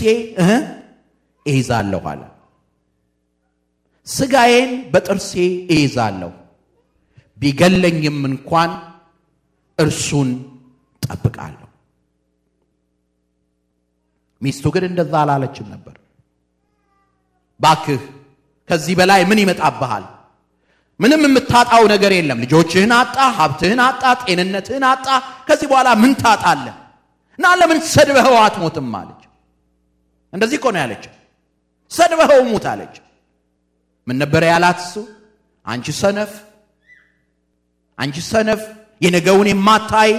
እይዛለሁ አለ። ስጋዬን በጥርሴ እይዛለሁ፣ ቢገለኝም እንኳን እርሱን ጠብቃለሁ። ሚስቱ ግን እንደዛ አላለችም ነበር። ባክህ ከዚህ በላይ ምን ይመጣብሃል? ምንም የምታጣው ነገር የለም። ልጆችህን አጣ፣ ሀብትህን አጣ፣ ጤንነትህን አጣ። ከዚህ በኋላ ምን ታጣለህ? እና ለምን ሰድበኸው አትሞትም አለች። እንደዚህ እኮ ነው ያለችው ሰድበኸው ሙት አለች። ምን ነበረ ያላት እሱ? አንቺ ሰነፍ፣ አንቺ ሰነፍ፣ የነገውን የማታይ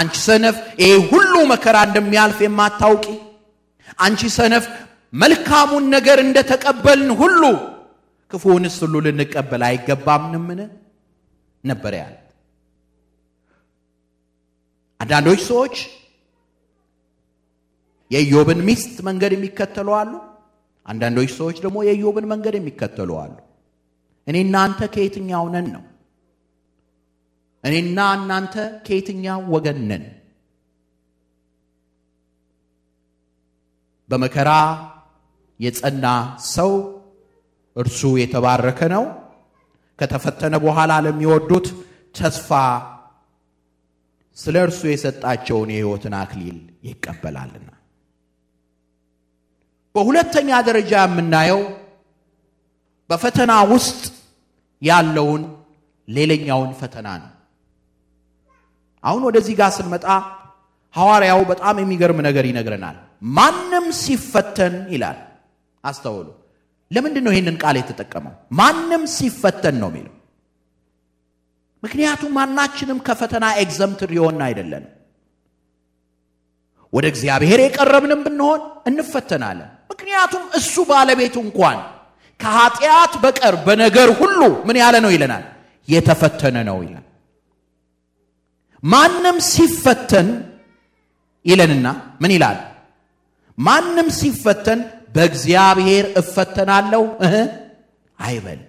አንቺ ሰነፍ፣ ይህ ሁሉ መከራ እንደሚያልፍ የማታውቂ አንቺ ሰነፍ፣ መልካሙን ነገር እንደተቀበልን ሁሉ ክፉውንስ ሁሉ ልንቀበል አይገባምንምን? ነበር ያለት አንዳንዶች ሰዎች የኢዮብን ሚስት መንገድ የሚከተሉ አሉ። አንዳንዶች ሰዎች ደግሞ የኢዮብን መንገድ የሚከተሉ አሉ። እኔና አንተ ከየትኛው ነን ነው? እኔና እናንተ ከየትኛው ወገን ነን? በመከራ የጸና ሰው እርሱ የተባረከ ነው። ከተፈተነ በኋላ ለሚወዱት ተስፋ ስለ እርሱ የሰጣቸውን የሕይወትን አክሊል ይቀበላልና። በሁለተኛ ደረጃ የምናየው በፈተና ውስጥ ያለውን ሌላኛውን ፈተና ነው። አሁን ወደዚህ ጋር ስንመጣ ሐዋርያው በጣም የሚገርም ነገር ይነግረናል። ማንም ሲፈተን ይላል። አስተውሉ። ለምንድን ነው ይህንን ቃል የተጠቀመው? ማንም ሲፈተን ነው የሚለው። ምክንያቱም ማናችንም ከፈተና ኤግዘምትር የሆን አይደለንም። ወደ እግዚአብሔር የቀረብንም ብንሆን እንፈተናለን። ምክንያቱም እሱ ባለቤቱ እንኳን ከኃጢአት በቀር በነገር ሁሉ ምን ያለ ነው ይለናል፣ የተፈተነ ነው ይለን። ማንም ሲፈተን ይለንና ምን ይላል? ማንም ሲፈተን በእግዚአብሔር እፈተናለሁ አይበል።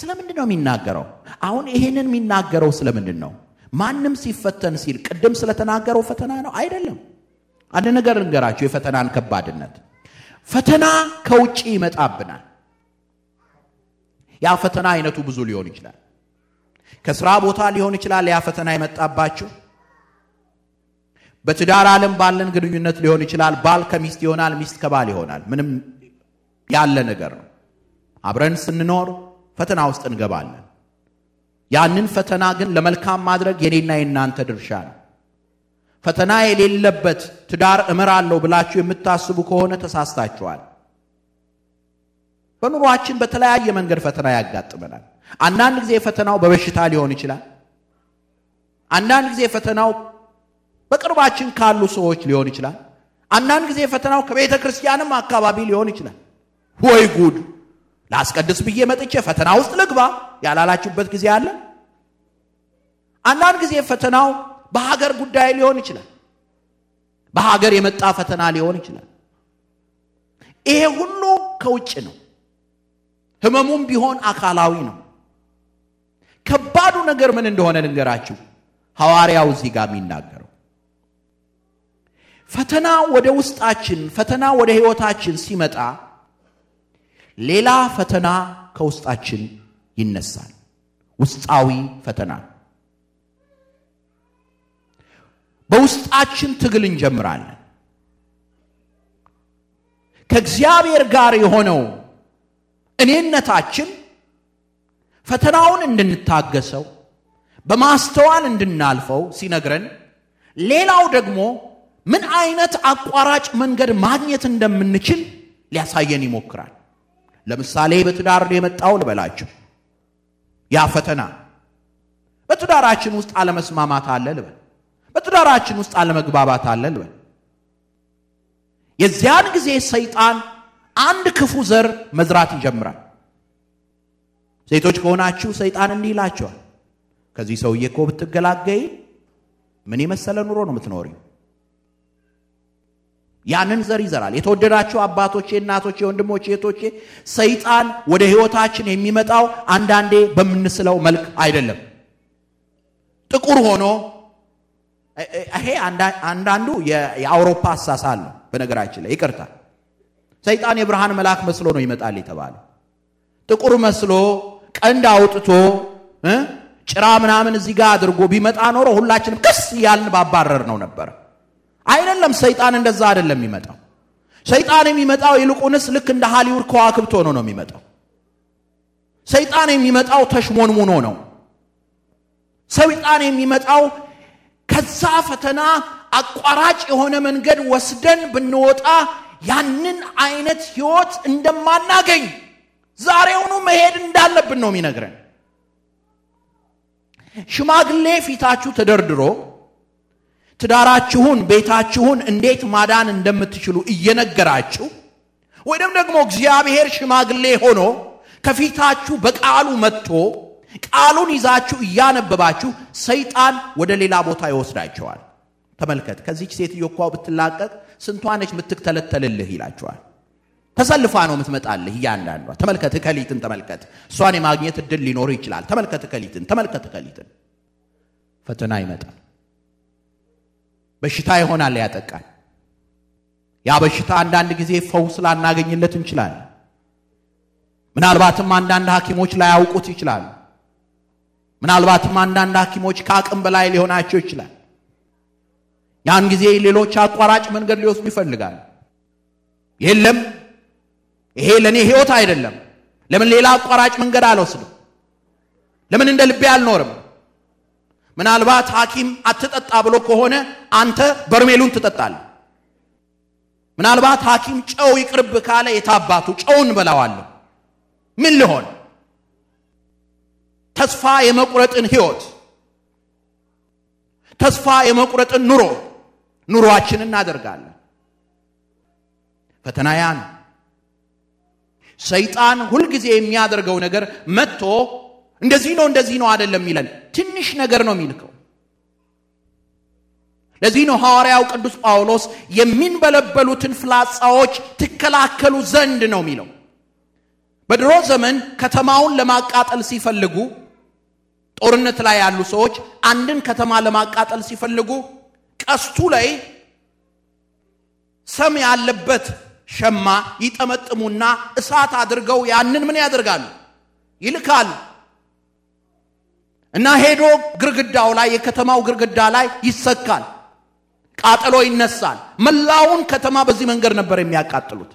ስለምንድን ነው የሚናገረው? አሁን ይህንን የሚናገረው ስለምንድን ነው? ማንም ሲፈተን ሲል ቅድም ስለተናገረው ፈተና ነው አይደለም። አንድ ነገር እንገራችሁ የፈተናን ከባድነት። ፈተና ከውጭ ይመጣብናል። ያ ፈተና አይነቱ ብዙ ሊሆን ይችላል። ከስራ ቦታ ሊሆን ይችላል። ያ ፈተና የመጣባችሁ በትዳር ዓለም ባለን ግንኙነት ሊሆን ይችላል። ባል ከሚስት ይሆናል፣ ሚስት ከባል ይሆናል። ምንም ያለ ነገር ነው። አብረን ስንኖር ፈተና ውስጥ እንገባለን። ያንን ፈተና ግን ለመልካም ማድረግ የኔና የእናንተ ድርሻ ነው። ፈተና የሌለበት ትዳር አለው ብላችሁ የምታስቡ ከሆነ ተሳስታችኋል። በኑሯችን በተለያየ መንገድ ፈተና ያጋጥመናል። አንዳንድ ጊዜ ፈተናው በበሽታ ሊሆን ይችላል። አንዳንድ ጊዜ ፈተናው በቅርባችን ካሉ ሰዎች ሊሆን ይችላል። አንዳንድ ጊዜ ፈተናው ከቤተ ክርስቲያንም አካባቢ ሊሆን ይችላል። ወይ ጉድ! ላስቀድስ ብዬ መጥቼ ፈተና ውስጥ ልግባ ያላላችሁበት ጊዜ አለ። አንዳንድ ጊዜ ፈተናው በሀገር ጉዳይ ሊሆን ይችላል። በሀገር የመጣ ፈተና ሊሆን ይችላል። ይሄ ሁሉ ከውጭ ነው። ህመሙም ቢሆን አካላዊ ነው። ከባዱ ነገር ምን እንደሆነ ልንገራችሁ። ሐዋርያው እዚህ ጋር የሚናገረው ፈተና ወደ ውስጣችን፣ ፈተና ወደ ህይወታችን ሲመጣ ሌላ ፈተና ከውስጣችን ይነሳል። ውስጣዊ ፈተና በውስጣችን ትግል እንጀምራለን። ከእግዚአብሔር ጋር የሆነው እኔነታችን ፈተናውን እንድንታገሰው በማስተዋል እንድናልፈው ሲነግረን፣ ሌላው ደግሞ ምን አይነት አቋራጭ መንገድ ማግኘት እንደምንችል ሊያሳየን ይሞክራል። ለምሳሌ በትዳር የመጣው ልበላችሁ ያ ፈተና በትዳራችን ውስጥ አለመስማማት አለ ልበል በትዳራችን ውስጥ አለመግባባት አለ ልበል። የዚያን ጊዜ ሰይጣን አንድ ክፉ ዘር መዝራት ይጀምራል። ሴቶች ከሆናችሁ ሰይጣን እንዲህ ይላቸዋል፣ ከዚህ ሰውዬ እኮ ብትገላገይ ምን የመሰለ ኑሮ ነው የምትኖሪ። ያንን ዘር ይዘራል። የተወደዳችሁ አባቶቼ፣ እናቶቼ፣ ወንድሞቼ፣ እህቶቼ ሰይጣን ወደ ሕይወታችን የሚመጣው አንዳንዴ በምንስለው መልክ አይደለም። ጥቁር ሆኖ ይሄ አንዳንዱ የአውሮፓ አሳሳል ነው። በነገራችን ላይ ይቅርታ፣ ሰይጣን የብርሃን መልአክ መስሎ ነው ይመጣል የተባለ ጥቁር መስሎ ቀንድ አውጥቶ ጭራ ምናምን እዚህ ጋር አድርጎ ቢመጣ ኖሮ ሁላችንም ክስ እያልን ባባረር ነው ነበር። አይደለም ሰይጣን እንደዛ አይደለም የሚመጣው። ሰይጣን የሚመጣው ይልቁንስ ልክ እንደ ሃሊውድ ከዋክብት ሆኖ ነው የሚመጣው። ሰይጣን የሚመጣው ተሽሞንሙኖ ነው። ሰይጣን የሚመጣው ከዛ ፈተና አቋራጭ የሆነ መንገድ ወስደን ብንወጣ ያንን አይነት ህይወት እንደማናገኝ ዛሬውኑ መሄድ እንዳለብን ነው የሚነግረን። ሽማግሌ ፊታችሁ ተደርድሮ ትዳራችሁን፣ ቤታችሁን እንዴት ማዳን እንደምትችሉ እየነገራችሁ ወይም ደግሞ እግዚአብሔር ሽማግሌ ሆኖ ከፊታችሁ በቃሉ መጥቶ ቃሉን ይዛችሁ እያነበባችሁ ሰይጣን ወደ ሌላ ቦታ ይወስዳቸዋል። ተመልከት፣ ከዚች ሴትዮ እኮ ብትላቀቅ ስንቷ ነች ይላቸዋል። ተሰልፋ ነው የምትመጣልህ እያንዳንዷ። ተመልከት እከሊትን ተመልከት። እሷን የማግኘት እድል ሊኖር ይችላል። ተመልከት እከሊትን ተመልከት እከሊትን። ፈተና ይመጣል። በሽታ ይሆናል ያጠቃል። ያ በሽታ አንዳንድ ጊዜ ፈውስ ላናገኝለት እንችላለን። ምናልባትም አንዳንድ ሐኪሞች ላያውቁት ይችላሉ። ምናልባትም አንዳንድ ሐኪሞች ከአቅም በላይ ሊሆናቸው ይችላል። ያን ጊዜ ሌሎች አቋራጭ መንገድ ሊወስዱ ይፈልጋል። የለም ይሄ ለእኔ ሕይወት አይደለም። ለምን ሌላ አቋራጭ መንገድ አልወስድም? ለምን እንደ ልቤ አልኖርም? ምናልባት ሐኪም አትጠጣ ብሎ ከሆነ አንተ በርሜሉን ትጠጣለህ። ምናልባት ሐኪም ጨው ይቅርብ ካለ የታባቱ ጨውን በላዋለሁ ምን ልሆን ተስፋ የመቁረጥን ህይወት ተስፋ የመቁረጥን ኑሮ ኑሯችን እናደርጋለን። ፈተና ያ ነው። ሰይጣን ሁልጊዜ የሚያደርገው ነገር መጥቶ እንደዚህ ነው እንደዚህ ነው አይደለም የሚለን፣ ትንሽ ነገር ነው የሚልከው። ለዚህ ነው ሐዋርያው ቅዱስ ጳውሎስ የሚንበለበሉትን ፍላጻዎች ትከላከሉ ዘንድ ነው የሚለው። በድሮ ዘመን ከተማውን ለማቃጠል ሲፈልጉ ጦርነት ላይ ያሉ ሰዎች አንድን ከተማ ለማቃጠል ሲፈልጉ ቀስቱ ላይ ሰም ያለበት ሸማ ይጠመጥሙና እሳት አድርገው ያንን ምን ያደርጋሉ? ይልካሉ። እና ሄዶ ግርግዳው ላይ የከተማው ግርግዳ ላይ ይሰካል፣ ቃጠሎ ይነሳል። መላውን ከተማ በዚህ መንገድ ነበር የሚያቃጥሉት።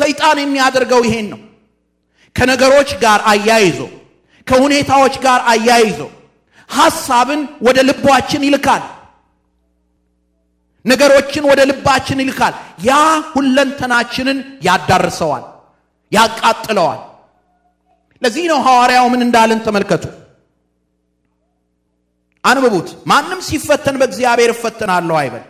ሰይጣን የሚያደርገው ይሄን ነው። ከነገሮች ጋር አያይዞ ከሁኔታዎች ጋር አያይዞ ሐሳብን ወደ ልባችን ይልካል። ነገሮችን ወደ ልባችን ይልካል። ያ ሁለንተናችንን ያዳርሰዋል፣ ያቃጥለዋል። ለዚህ ነው ሐዋርያው ምን እንዳለን ተመልከቱ፣ አንብቡት። ማንም ሲፈተን በእግዚአብሔር እፈተናለሁ አይበል፣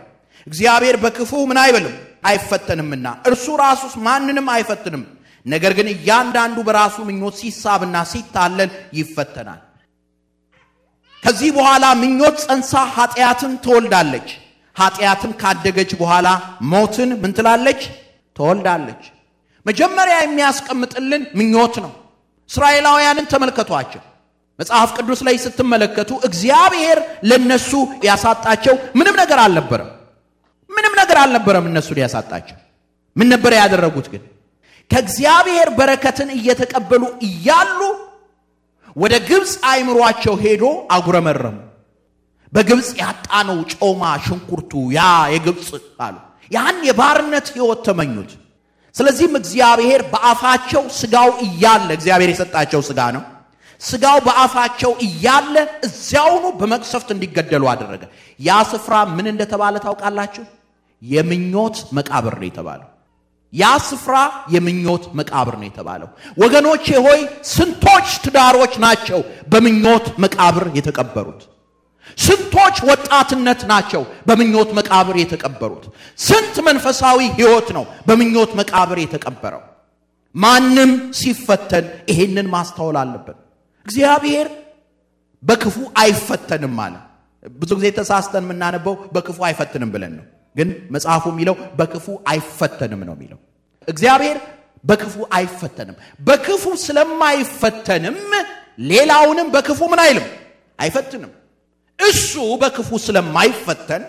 እግዚአብሔር በክፉ ምን አይበልም አይፈተንምና፣ እርሱ ራሱስ ማንንም አይፈትንም ነገር ግን እያንዳንዱ በራሱ ምኞት ሲሳብና ሲታለል ይፈተናል። ከዚህ በኋላ ምኞት ጸንሳ ኃጢአትን ትወልዳለች። ኃጢአትም ካደገች በኋላ ሞትን ምን ትላለች? ትወልዳለች። መጀመሪያ የሚያስቀምጥልን ምኞት ነው። እስራኤላውያንን ተመልከቷቸው። መጽሐፍ ቅዱስ ላይ ስትመለከቱ እግዚአብሔር ለነሱ ያሳጣቸው ምንም ነገር አልነበረም። ምንም ነገር አልነበረም እነሱ ያሳጣቸው። ምን ነበር ያደረጉት ግን ከእግዚአብሔር በረከትን እየተቀበሉ እያሉ ወደ ግብፅ አይምሯቸው ሄዶ አጉረመረሙ። በግብፅ ያጣነው ጮማ ሽንኩርቱ ያ የግብፅ አሉ። ያን የባርነት ሕይወት ተመኙት። ስለዚህም እግዚአብሔር በአፋቸው ስጋው እያለ እግዚአብሔር የሰጣቸው ስጋ ነው። ስጋው በአፋቸው እያለ እዚያውኑ በመቅሰፍት እንዲገደሉ አደረገ። ያ ስፍራ ምን እንደተባለ ታውቃላችሁ? የምኞት መቃብር ነው የተባለው። ያ ስፍራ የምኞት መቃብር ነው የተባለው። ወገኖቼ ሆይ ስንቶች ትዳሮች ናቸው በምኞት መቃብር የተቀበሩት? ስንቶች ወጣትነት ናቸው በምኞት መቃብር የተቀበሩት? ስንት መንፈሳዊ ሕይወት ነው በምኞት መቃብር የተቀበረው? ማንም ሲፈተን ይሄንን ማስተዋል አለብን። እግዚአብሔር በክፉ አይፈተንም አለ። ብዙ ጊዜ ተሳስተን የምናነበው በክፉ አይፈትንም ብለን ነው ግን መጽሐፉ የሚለው በክፉ አይፈተንም ነው የሚለው። እግዚአብሔር በክፉ አይፈተንም። በክፉ ስለማይፈተንም ሌላውንም በክፉ ምን አይልም አይፈትንም። እሱ በክፉ ስለማይፈተን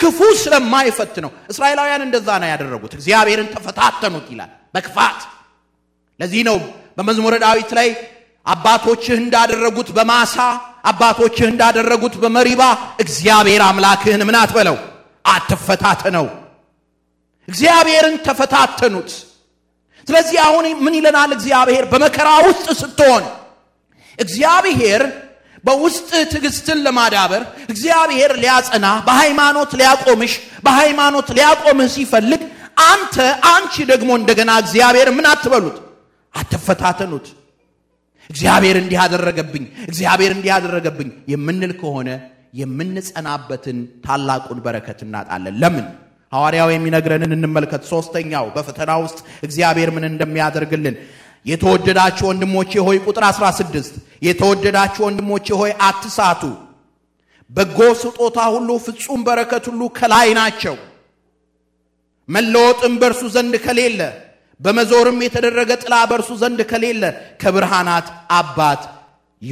ክፉ ስለማይፈት ነው። እስራኤላውያን እንደዛ ነው ያደረጉት። እግዚአብሔርን ተፈታተኑት ይላል በክፋት። ለዚህ ነው በመዝሙረ ዳዊት ላይ አባቶችህ እንዳደረጉት በማሳ አባቶችህ እንዳደረጉት በመሪባ እግዚአብሔር አምላክህን ምን አትበለው አትፈታተነው። እግዚአብሔርን ተፈታተኑት። ስለዚህ አሁን ምን ይለናል እግዚአብሔር? በመከራ ውስጥ ስትሆን እግዚአብሔር በውስጥ ትዕግስትን ለማዳበር እግዚአብሔር ሊያጸና በሃይማኖት ሊያቆምሽ በሃይማኖት ሊያቆምህ ሲፈልግ አንተ አንቺ ደግሞ እንደገና እግዚአብሔር ምን አትበሉት፣ አትፈታተኑት። እግዚአብሔር እንዲህ አደረገብኝ፣ እግዚአብሔር እንዲህ አደረገብኝ የምንል ከሆነ የምንጸናበትን ታላቁን በረከት እናጣለን። ለምን? ሐዋርያው የሚነግረንን እንመልከት። ሦስተኛው በፈተና ውስጥ እግዚአብሔር ምን እንደሚያደርግልን የተወደዳችሁ ወንድሞቼ ሆይ ቁጥር 16 የተወደዳችሁ ወንድሞቼ ሆይ አትሳቱ፣ በጎ ስጦታ ሁሉ ፍጹም በረከት ሁሉ ከላይ ናቸው፣ መለወጥም በእርሱ ዘንድ ከሌለ በመዞርም የተደረገ ጥላ በእርሱ ዘንድ ከሌለ ከብርሃናት አባት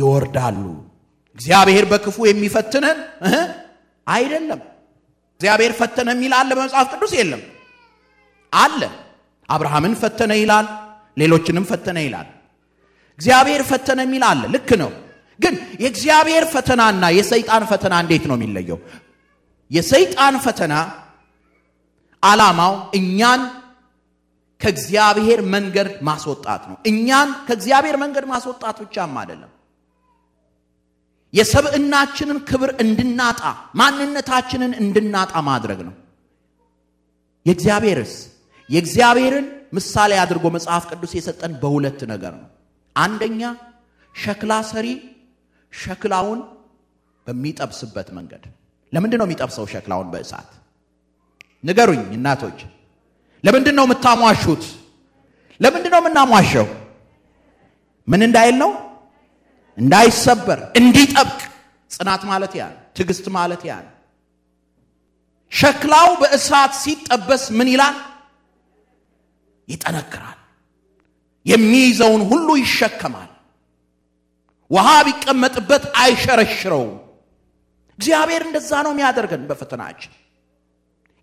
ይወርዳሉ። እግዚአብሔር በክፉ የሚፈትነን አይደለም። እግዚአብሔር ፈተነ የሚል አለ በመጽሐፍ ቅዱስ? የለም አለ። አብርሃምን ፈተነ ይላል፣ ሌሎችንም ፈተነ ይላል። እግዚአብሔር ፈተነ የሚል አለ። ልክ ነው። ግን የእግዚአብሔር ፈተናና የሰይጣን ፈተና እንዴት ነው የሚለየው? የሰይጣን ፈተና ዓላማው እኛን ከእግዚአብሔር መንገድ ማስወጣት ነው። እኛን ከእግዚአብሔር መንገድ ማስወጣት ብቻም አይደለም የሰብዕናችንን ክብር እንድናጣ ማንነታችንን እንድናጣ ማድረግ ነው። የእግዚአብሔርስ የእግዚአብሔርን ምሳሌ አድርጎ መጽሐፍ ቅዱስ የሰጠን በሁለት ነገር ነው። አንደኛ ሸክላ ሰሪ ሸክላውን በሚጠብስበት መንገድ። ለምንድን ነው የሚጠብሰው ሸክላውን በእሳት? ንገሩኝ እናቶች፣ ለምንድን ነው የምታሟሹት? ለምንድን ነው የምናሟሸው? ምን እንዳይል ነው እንዳይሰበር እንዲጠብቅ ጽናት ማለት ያ ትዕግስት ማለት ያ ሸክላው በእሳት ሲጠበስ ምን ይላል? ይጠነክራል። የሚይዘውን ሁሉ ይሸከማል። ውሃ ቢቀመጥበት አይሸረሽረው እግዚአብሔር እንደዛ ነው የሚያደርገን በፈተናችን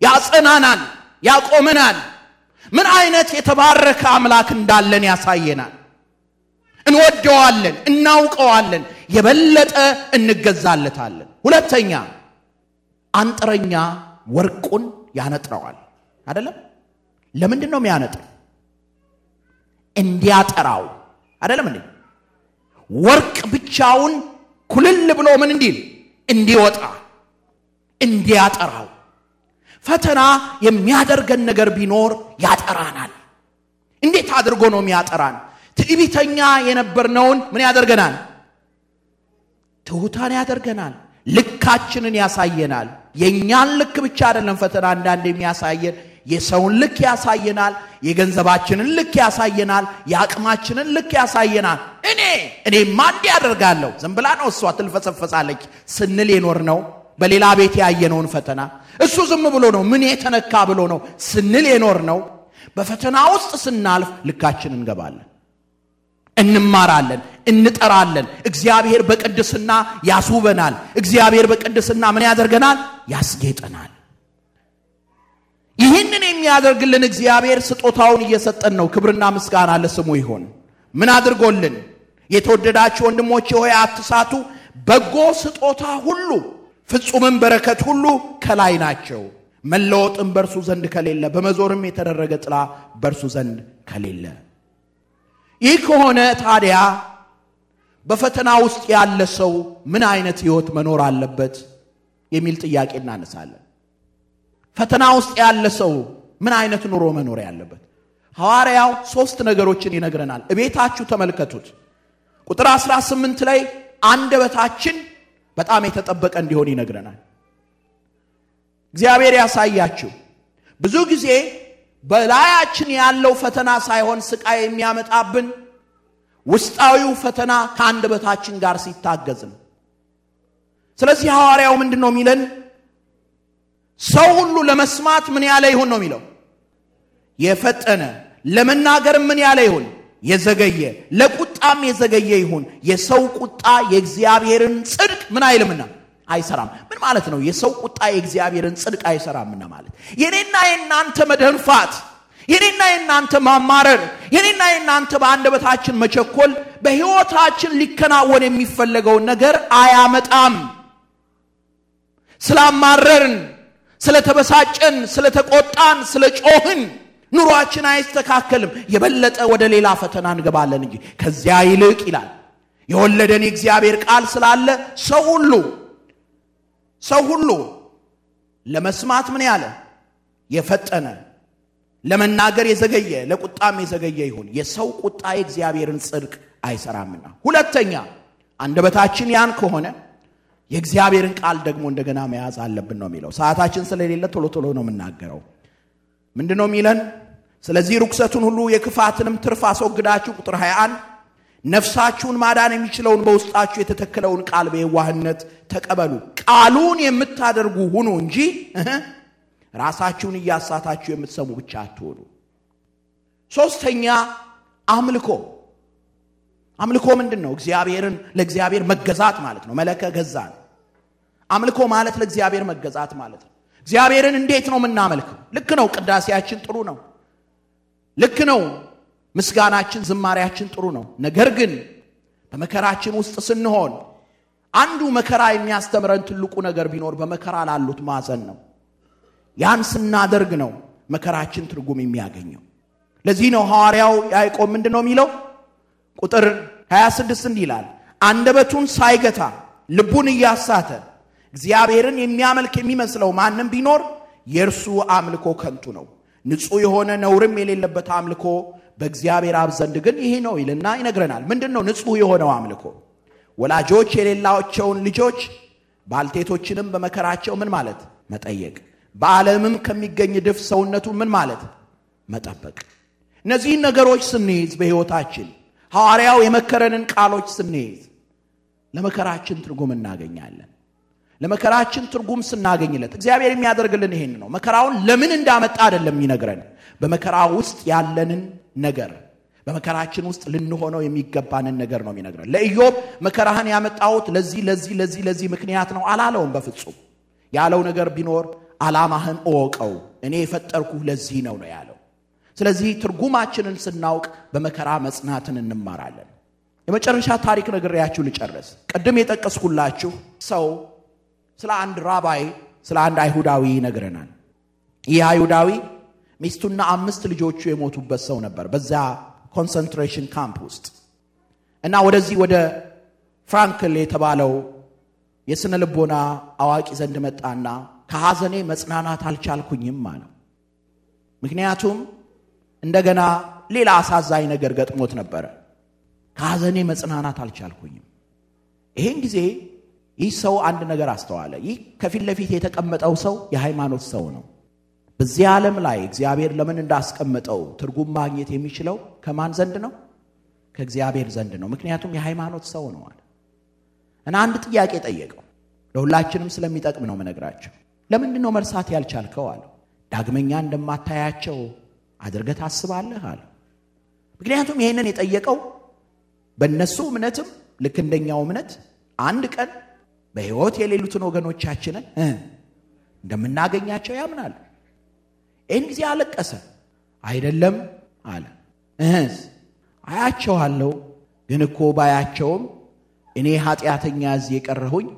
ያጸናናል፣ ያቆምናል ምን አይነት የተባረከ አምላክ እንዳለን ያሳየናል። እንወደዋለን፣ እናውቀዋለን፣ የበለጠ እንገዛለታለን። ሁለተኛ አንጥረኛ ወርቁን ያነጥረዋል። አይደለም? ለምንድን ነው የሚያነጥር? እንዲያጠራው አይደለም እንዴ? ወርቅ ብቻውን ኩልል ብሎ ምን እንዲል እንዲወጣ እንዲያጠራው። ፈተና የሚያደርገን ነገር ቢኖር ያጠራናል። እንዴት አድርጎ ነው የሚያጠራን? ትዕቢተኛ የነበርነውን ምን ያደርገናል? ትሑታን ያደርገናል። ልካችንን ያሳየናል። የእኛን ልክ ብቻ አይደለም ፈተና አንዳንድ የሚያሳየን የሰውን ልክ ያሳየናል። የገንዘባችንን ልክ ያሳየናል። የአቅማችንን ልክ ያሳየናል። እኔ እኔማ እንዲህ ያደርጋለሁ ዝም ብላ ነው እሷ ትልፈሰፈሳለች ስንል የኖር ነው? በሌላ ቤት ያየነውን ፈተና እሱ ዝም ብሎ ነው ምን የተነካ ብሎ ነው ስንል የኖር ነው በፈተና ውስጥ ስናልፍ ልካችን እንገባለን። እንማራለን፣ እንጠራለን። እግዚአብሔር በቅድስና ያስውበናል። እግዚአብሔር በቅድስና ምን ያደርገናል? ያስጌጠናል። ይህንን የሚያደርግልን እግዚአብሔር ስጦታውን እየሰጠን ነው። ክብርና ምስጋና ለስሙ ይሆን። ምን አድርጎልን? የተወደዳችሁ ወንድሞች ሆይ አትሳቱ፣ በጎ ስጦታ ሁሉ ፍጹምን በረከት ሁሉ ከላይ ናቸው፣ መለወጥም በእርሱ ዘንድ ከሌለ፣ በመዞርም የተደረገ ጥላ በእርሱ ዘንድ ከሌለ ይህ ከሆነ ታዲያ በፈተና ውስጥ ያለ ሰው ምን አይነት ህይወት መኖር አለበት የሚል ጥያቄ እናነሳለን። ፈተና ውስጥ ያለ ሰው ምን አይነት ኑሮ መኖር ያለበት? ሐዋርያው ሦስት ነገሮችን ይነግረናል። እቤታችሁ ተመልከቱት። ቁጥር 18 ላይ አንደበታችን በጣም የተጠበቀ እንዲሆን ይነግረናል። እግዚአብሔር ያሳያችሁ ብዙ ጊዜ በላያችን ያለው ፈተና ሳይሆን ስቃይ የሚያመጣብን ውስጣዊው ፈተና ከአንድ በታችን ጋር ሲታገዝ ነው። ስለዚህ ሐዋርያው ምንድን ነው የሚለን? ሰው ሁሉ ለመስማት ምን ያለ ይሁን ነው የሚለው የፈጠነ ለመናገርም ምን ያለ ይሁን የዘገየ ለቁጣም የዘገየ ይሁን። የሰው ቁጣ የእግዚአብሔርን ጽድቅ ምን አይልምና አይሰራም። ምን ማለት ነው? የሰው ቁጣ የእግዚአብሔርን ጽድቅ አይሰራምና ማለት የኔና የእናንተ መደንፋት፣ የኔና የእናንተ ማማረር፣ የኔና የእናንተ በአንደበታችን መቸኮል በሕይወታችን ሊከናወን የሚፈለገውን ነገር አያመጣም። ስላማረርን፣ ስለተበሳጨን፣ ስለተቆጣን፣ ስለ ጮህን ኑሯችን አይስተካከልም። የበለጠ ወደ ሌላ ፈተና እንገባለን እንጂ ከዚያ ይልቅ ይላል የወለደን የእግዚአብሔር ቃል ስላለ ሰው ሁሉ ሰው ሁሉ ለመስማት ምን ያለ የፈጠነ ለመናገር የዘገየ ለቁጣም የዘገየ ይሁን፣ የሰው ቁጣ የእግዚአብሔርን ጽድቅ አይሰራምና። ሁለተኛ አንደበታችን ያን ከሆነ የእግዚአብሔርን ቃል ደግሞ እንደገና መያዝ አለብን ነው የሚለው። ሰዓታችን ስለሌለ ቶሎ ቶሎ ነው የምናገረው። ምንድን ነው የሚለን? ስለዚህ ርኩሰቱን ሁሉ የክፋትንም ትርፍ አስወግዳችሁ ቁጥር 21 ነፍሳችሁን ማዳን የሚችለውን በውስጣችሁ የተተከለውን ቃል በየዋህነት ተቀበሉ። ቃሉን የምታደርጉ ሁኑ እንጂ ራሳችሁን እያሳታችሁ የምትሰሙ ብቻ አትሆኑ። ሶስተኛ አምልኮ። አምልኮ ምንድን ነው? እግዚአብሔርን ለእግዚአብሔር መገዛት ማለት ነው። መለከ ገዛ ነው። አምልኮ ማለት ለእግዚአብሔር መገዛት ማለት ነው። እግዚአብሔርን እንዴት ነው የምናመልከው? ልክ ነው። ቅዳሴያችን ጥሩ ነው። ልክ ነው። ምስጋናችን፣ ዝማሬያችን ጥሩ ነው። ነገር ግን በመከራችን ውስጥ ስንሆን አንዱ መከራ የሚያስተምረን ትልቁ ነገር ቢኖር በመከራ ላሉት ማዘን ነው። ያን ስናደርግ ነው መከራችን ትርጉም የሚያገኘው። ለዚህ ነው ሐዋርያው ያዕቆብ ምንድን ነው የሚለው? ቁጥር 26 እንዲህ ይላል፣ አንደበቱን ሳይገታ ልቡን እያሳተ እግዚአብሔርን የሚያመልክ የሚመስለው ማንም ቢኖር የእርሱ አምልኮ ከንቱ ነው፣ ንጹሕ የሆነ ነውርም የሌለበት አምልኮ በእግዚአብሔር አብ ዘንድ ግን ይሄ ነው ይልና ይነግረናል። ምንድን ነው ንጹሕ የሆነው አምልኮ? ወላጆች የሌላቸውን ልጆች ባልቴቶችንም በመከራቸው ምን ማለት መጠየቅ፣ በዓለምም ከሚገኝ ድፍ ሰውነቱ ምን ማለት መጠበቅ። እነዚህን ነገሮች ስንይዝ በሕይወታችን ሐዋርያው የመከረንን ቃሎች ስንይዝ ለመከራችን ትርጉም እናገኛለን። ለመከራችን ትርጉም ስናገኝለት እግዚአብሔር የሚያደርግልን ይሄን ነው። መከራውን ለምን እንዳመጣ አይደለም ይነግረን፣ በመከራ ውስጥ ያለንን ነገር በመከራችን ውስጥ ልንሆነው የሚገባንን ነገር ነው የሚነግረን። ለኢዮብ መከራህን ያመጣሁት ለዚህ ለዚህ ለዚህ ለዚህ ምክንያት ነው አላለውም። በፍጹም ያለው ነገር ቢኖር ዓላማህን እወቀው፣ እኔ የፈጠርኩ ለዚህ ነው ነው ያለው። ስለዚህ ትርጉማችንን ስናውቅ በመከራ መጽናትን እንማራለን። የመጨረሻ ታሪክ ነግሬያችሁ ልጨርስ። ቅድም የጠቀስኩላችሁ ሰው ስለ አንድ ራባይ ስለ አንድ አይሁዳዊ ይነግረናል። ይህ አይሁዳዊ ሚስቱና አምስት ልጆቹ የሞቱበት ሰው ነበር በዛ ኮንሰንትሬሽን ካምፕ ውስጥ እና ወደዚህ ወደ ፍራንክል የተባለው የሥነ ልቦና አዋቂ ዘንድ መጣና ከሐዘኔ መጽናናት አልቻልኩኝም አለው። ምክንያቱም እንደገና ሌላ አሳዛኝ ነገር ገጥሞት ነበረ። ከሐዘኔ መጽናናት አልቻልኩኝም። ይህን ጊዜ ይህ ሰው አንድ ነገር አስተዋለ። ይህ ከፊት ለፊት የተቀመጠው ሰው የሃይማኖት ሰው ነው። በዚህ ዓለም ላይ እግዚአብሔር ለምን እንዳስቀመጠው ትርጉም ማግኘት የሚችለው ከማን ዘንድ ነው? ከእግዚአብሔር ዘንድ ነው። ምክንያቱም የሃይማኖት ሰው ነው አለ እና አንድ ጥያቄ ጠየቀው። ለሁላችንም ስለሚጠቅም ነው መነግራቸው። ለምንድን ነው መርሳት ያልቻልከው አለ። ዳግመኛ እንደማታያቸው አድርገህ ታስባለህ አለ። ምክንያቱም ይህንን የጠየቀው በእነሱ እምነትም ልክ እንደኛው እምነት አንድ ቀን በሕይወት የሌሉትን ወገኖቻችንን እንደምናገኛቸው ያምናል። ይህን ጊዜ አለቀሰ። አይደለም አለ እህስ አያቸዋለሁ፣ ግን እኮ ባያቸውም እኔ ኃጢአተኛ እዚህ የቀረሁኝ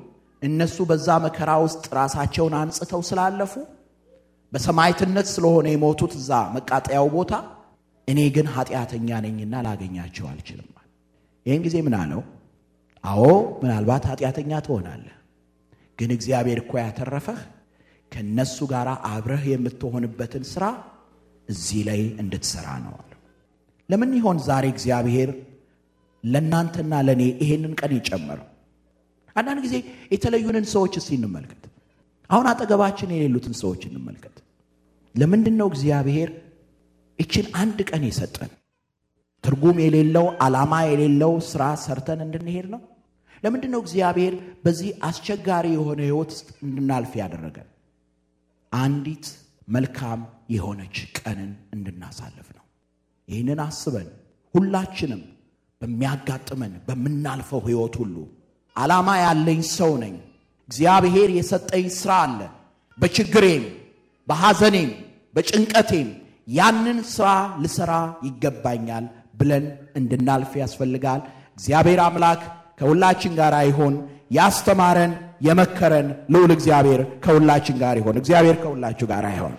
እነሱ በዛ መከራ ውስጥ ራሳቸውን አንጽተው ስላለፉ በሰማይትነት ስለሆነ የሞቱት እዛ መቃጠያው ቦታ፣ እኔ ግን ኃጢአተኛ ነኝና ላገኛቸው አልችልም። ይህን ጊዜ ምን አለው? አዎ ምናልባት ኃጢአተኛ ትሆናለህ፣ ግን እግዚአብሔር እኮ ያተረፈህ ከነሱ ጋር አብረህ የምትሆንበትን ስራ እዚህ ላይ እንድትሰራ ነው አለው። ለምን ይሆን ዛሬ እግዚአብሔር ለእናንተና ለእኔ ይሄንን ቀን የጨመረው? አንዳንድ ጊዜ የተለዩንን ሰዎች እስቲ እንመልከት። አሁን አጠገባችን የሌሉትን ሰዎች እንመልከት። ለምንድን ነው እግዚአብሔር ይችን አንድ ቀን የሰጠን? ትርጉም የሌለው ዓላማ የሌለው ስራ ሰርተን እንድንሄድ ነው? ለምንድን ነው እግዚአብሔር በዚህ አስቸጋሪ የሆነ ህይወት ውስጥ እንድናልፍ ያደረገን? አንዲት መልካም የሆነች ቀንን እንድናሳልፍ ነው። ይህንን አስበን ሁላችንም በሚያጋጥመን በምናልፈው ሕይወት ሁሉ ዓላማ ያለኝ ሰው ነኝ፣ እግዚአብሔር የሰጠኝ ሥራ አለ፣ በችግሬም በሐዘኔም በጭንቀቴም ያንን ሥራ ልሠራ ይገባኛል ብለን እንድናልፍ ያስፈልጋል። እግዚአብሔር አምላክ ከሁላችን ጋር ይሆን ያስተማረን የመከረን ልዑል እግዚአብሔር ከሁላችን ጋር ይሆን። እግዚአብሔር ከሁላችሁ ጋር አይሆን።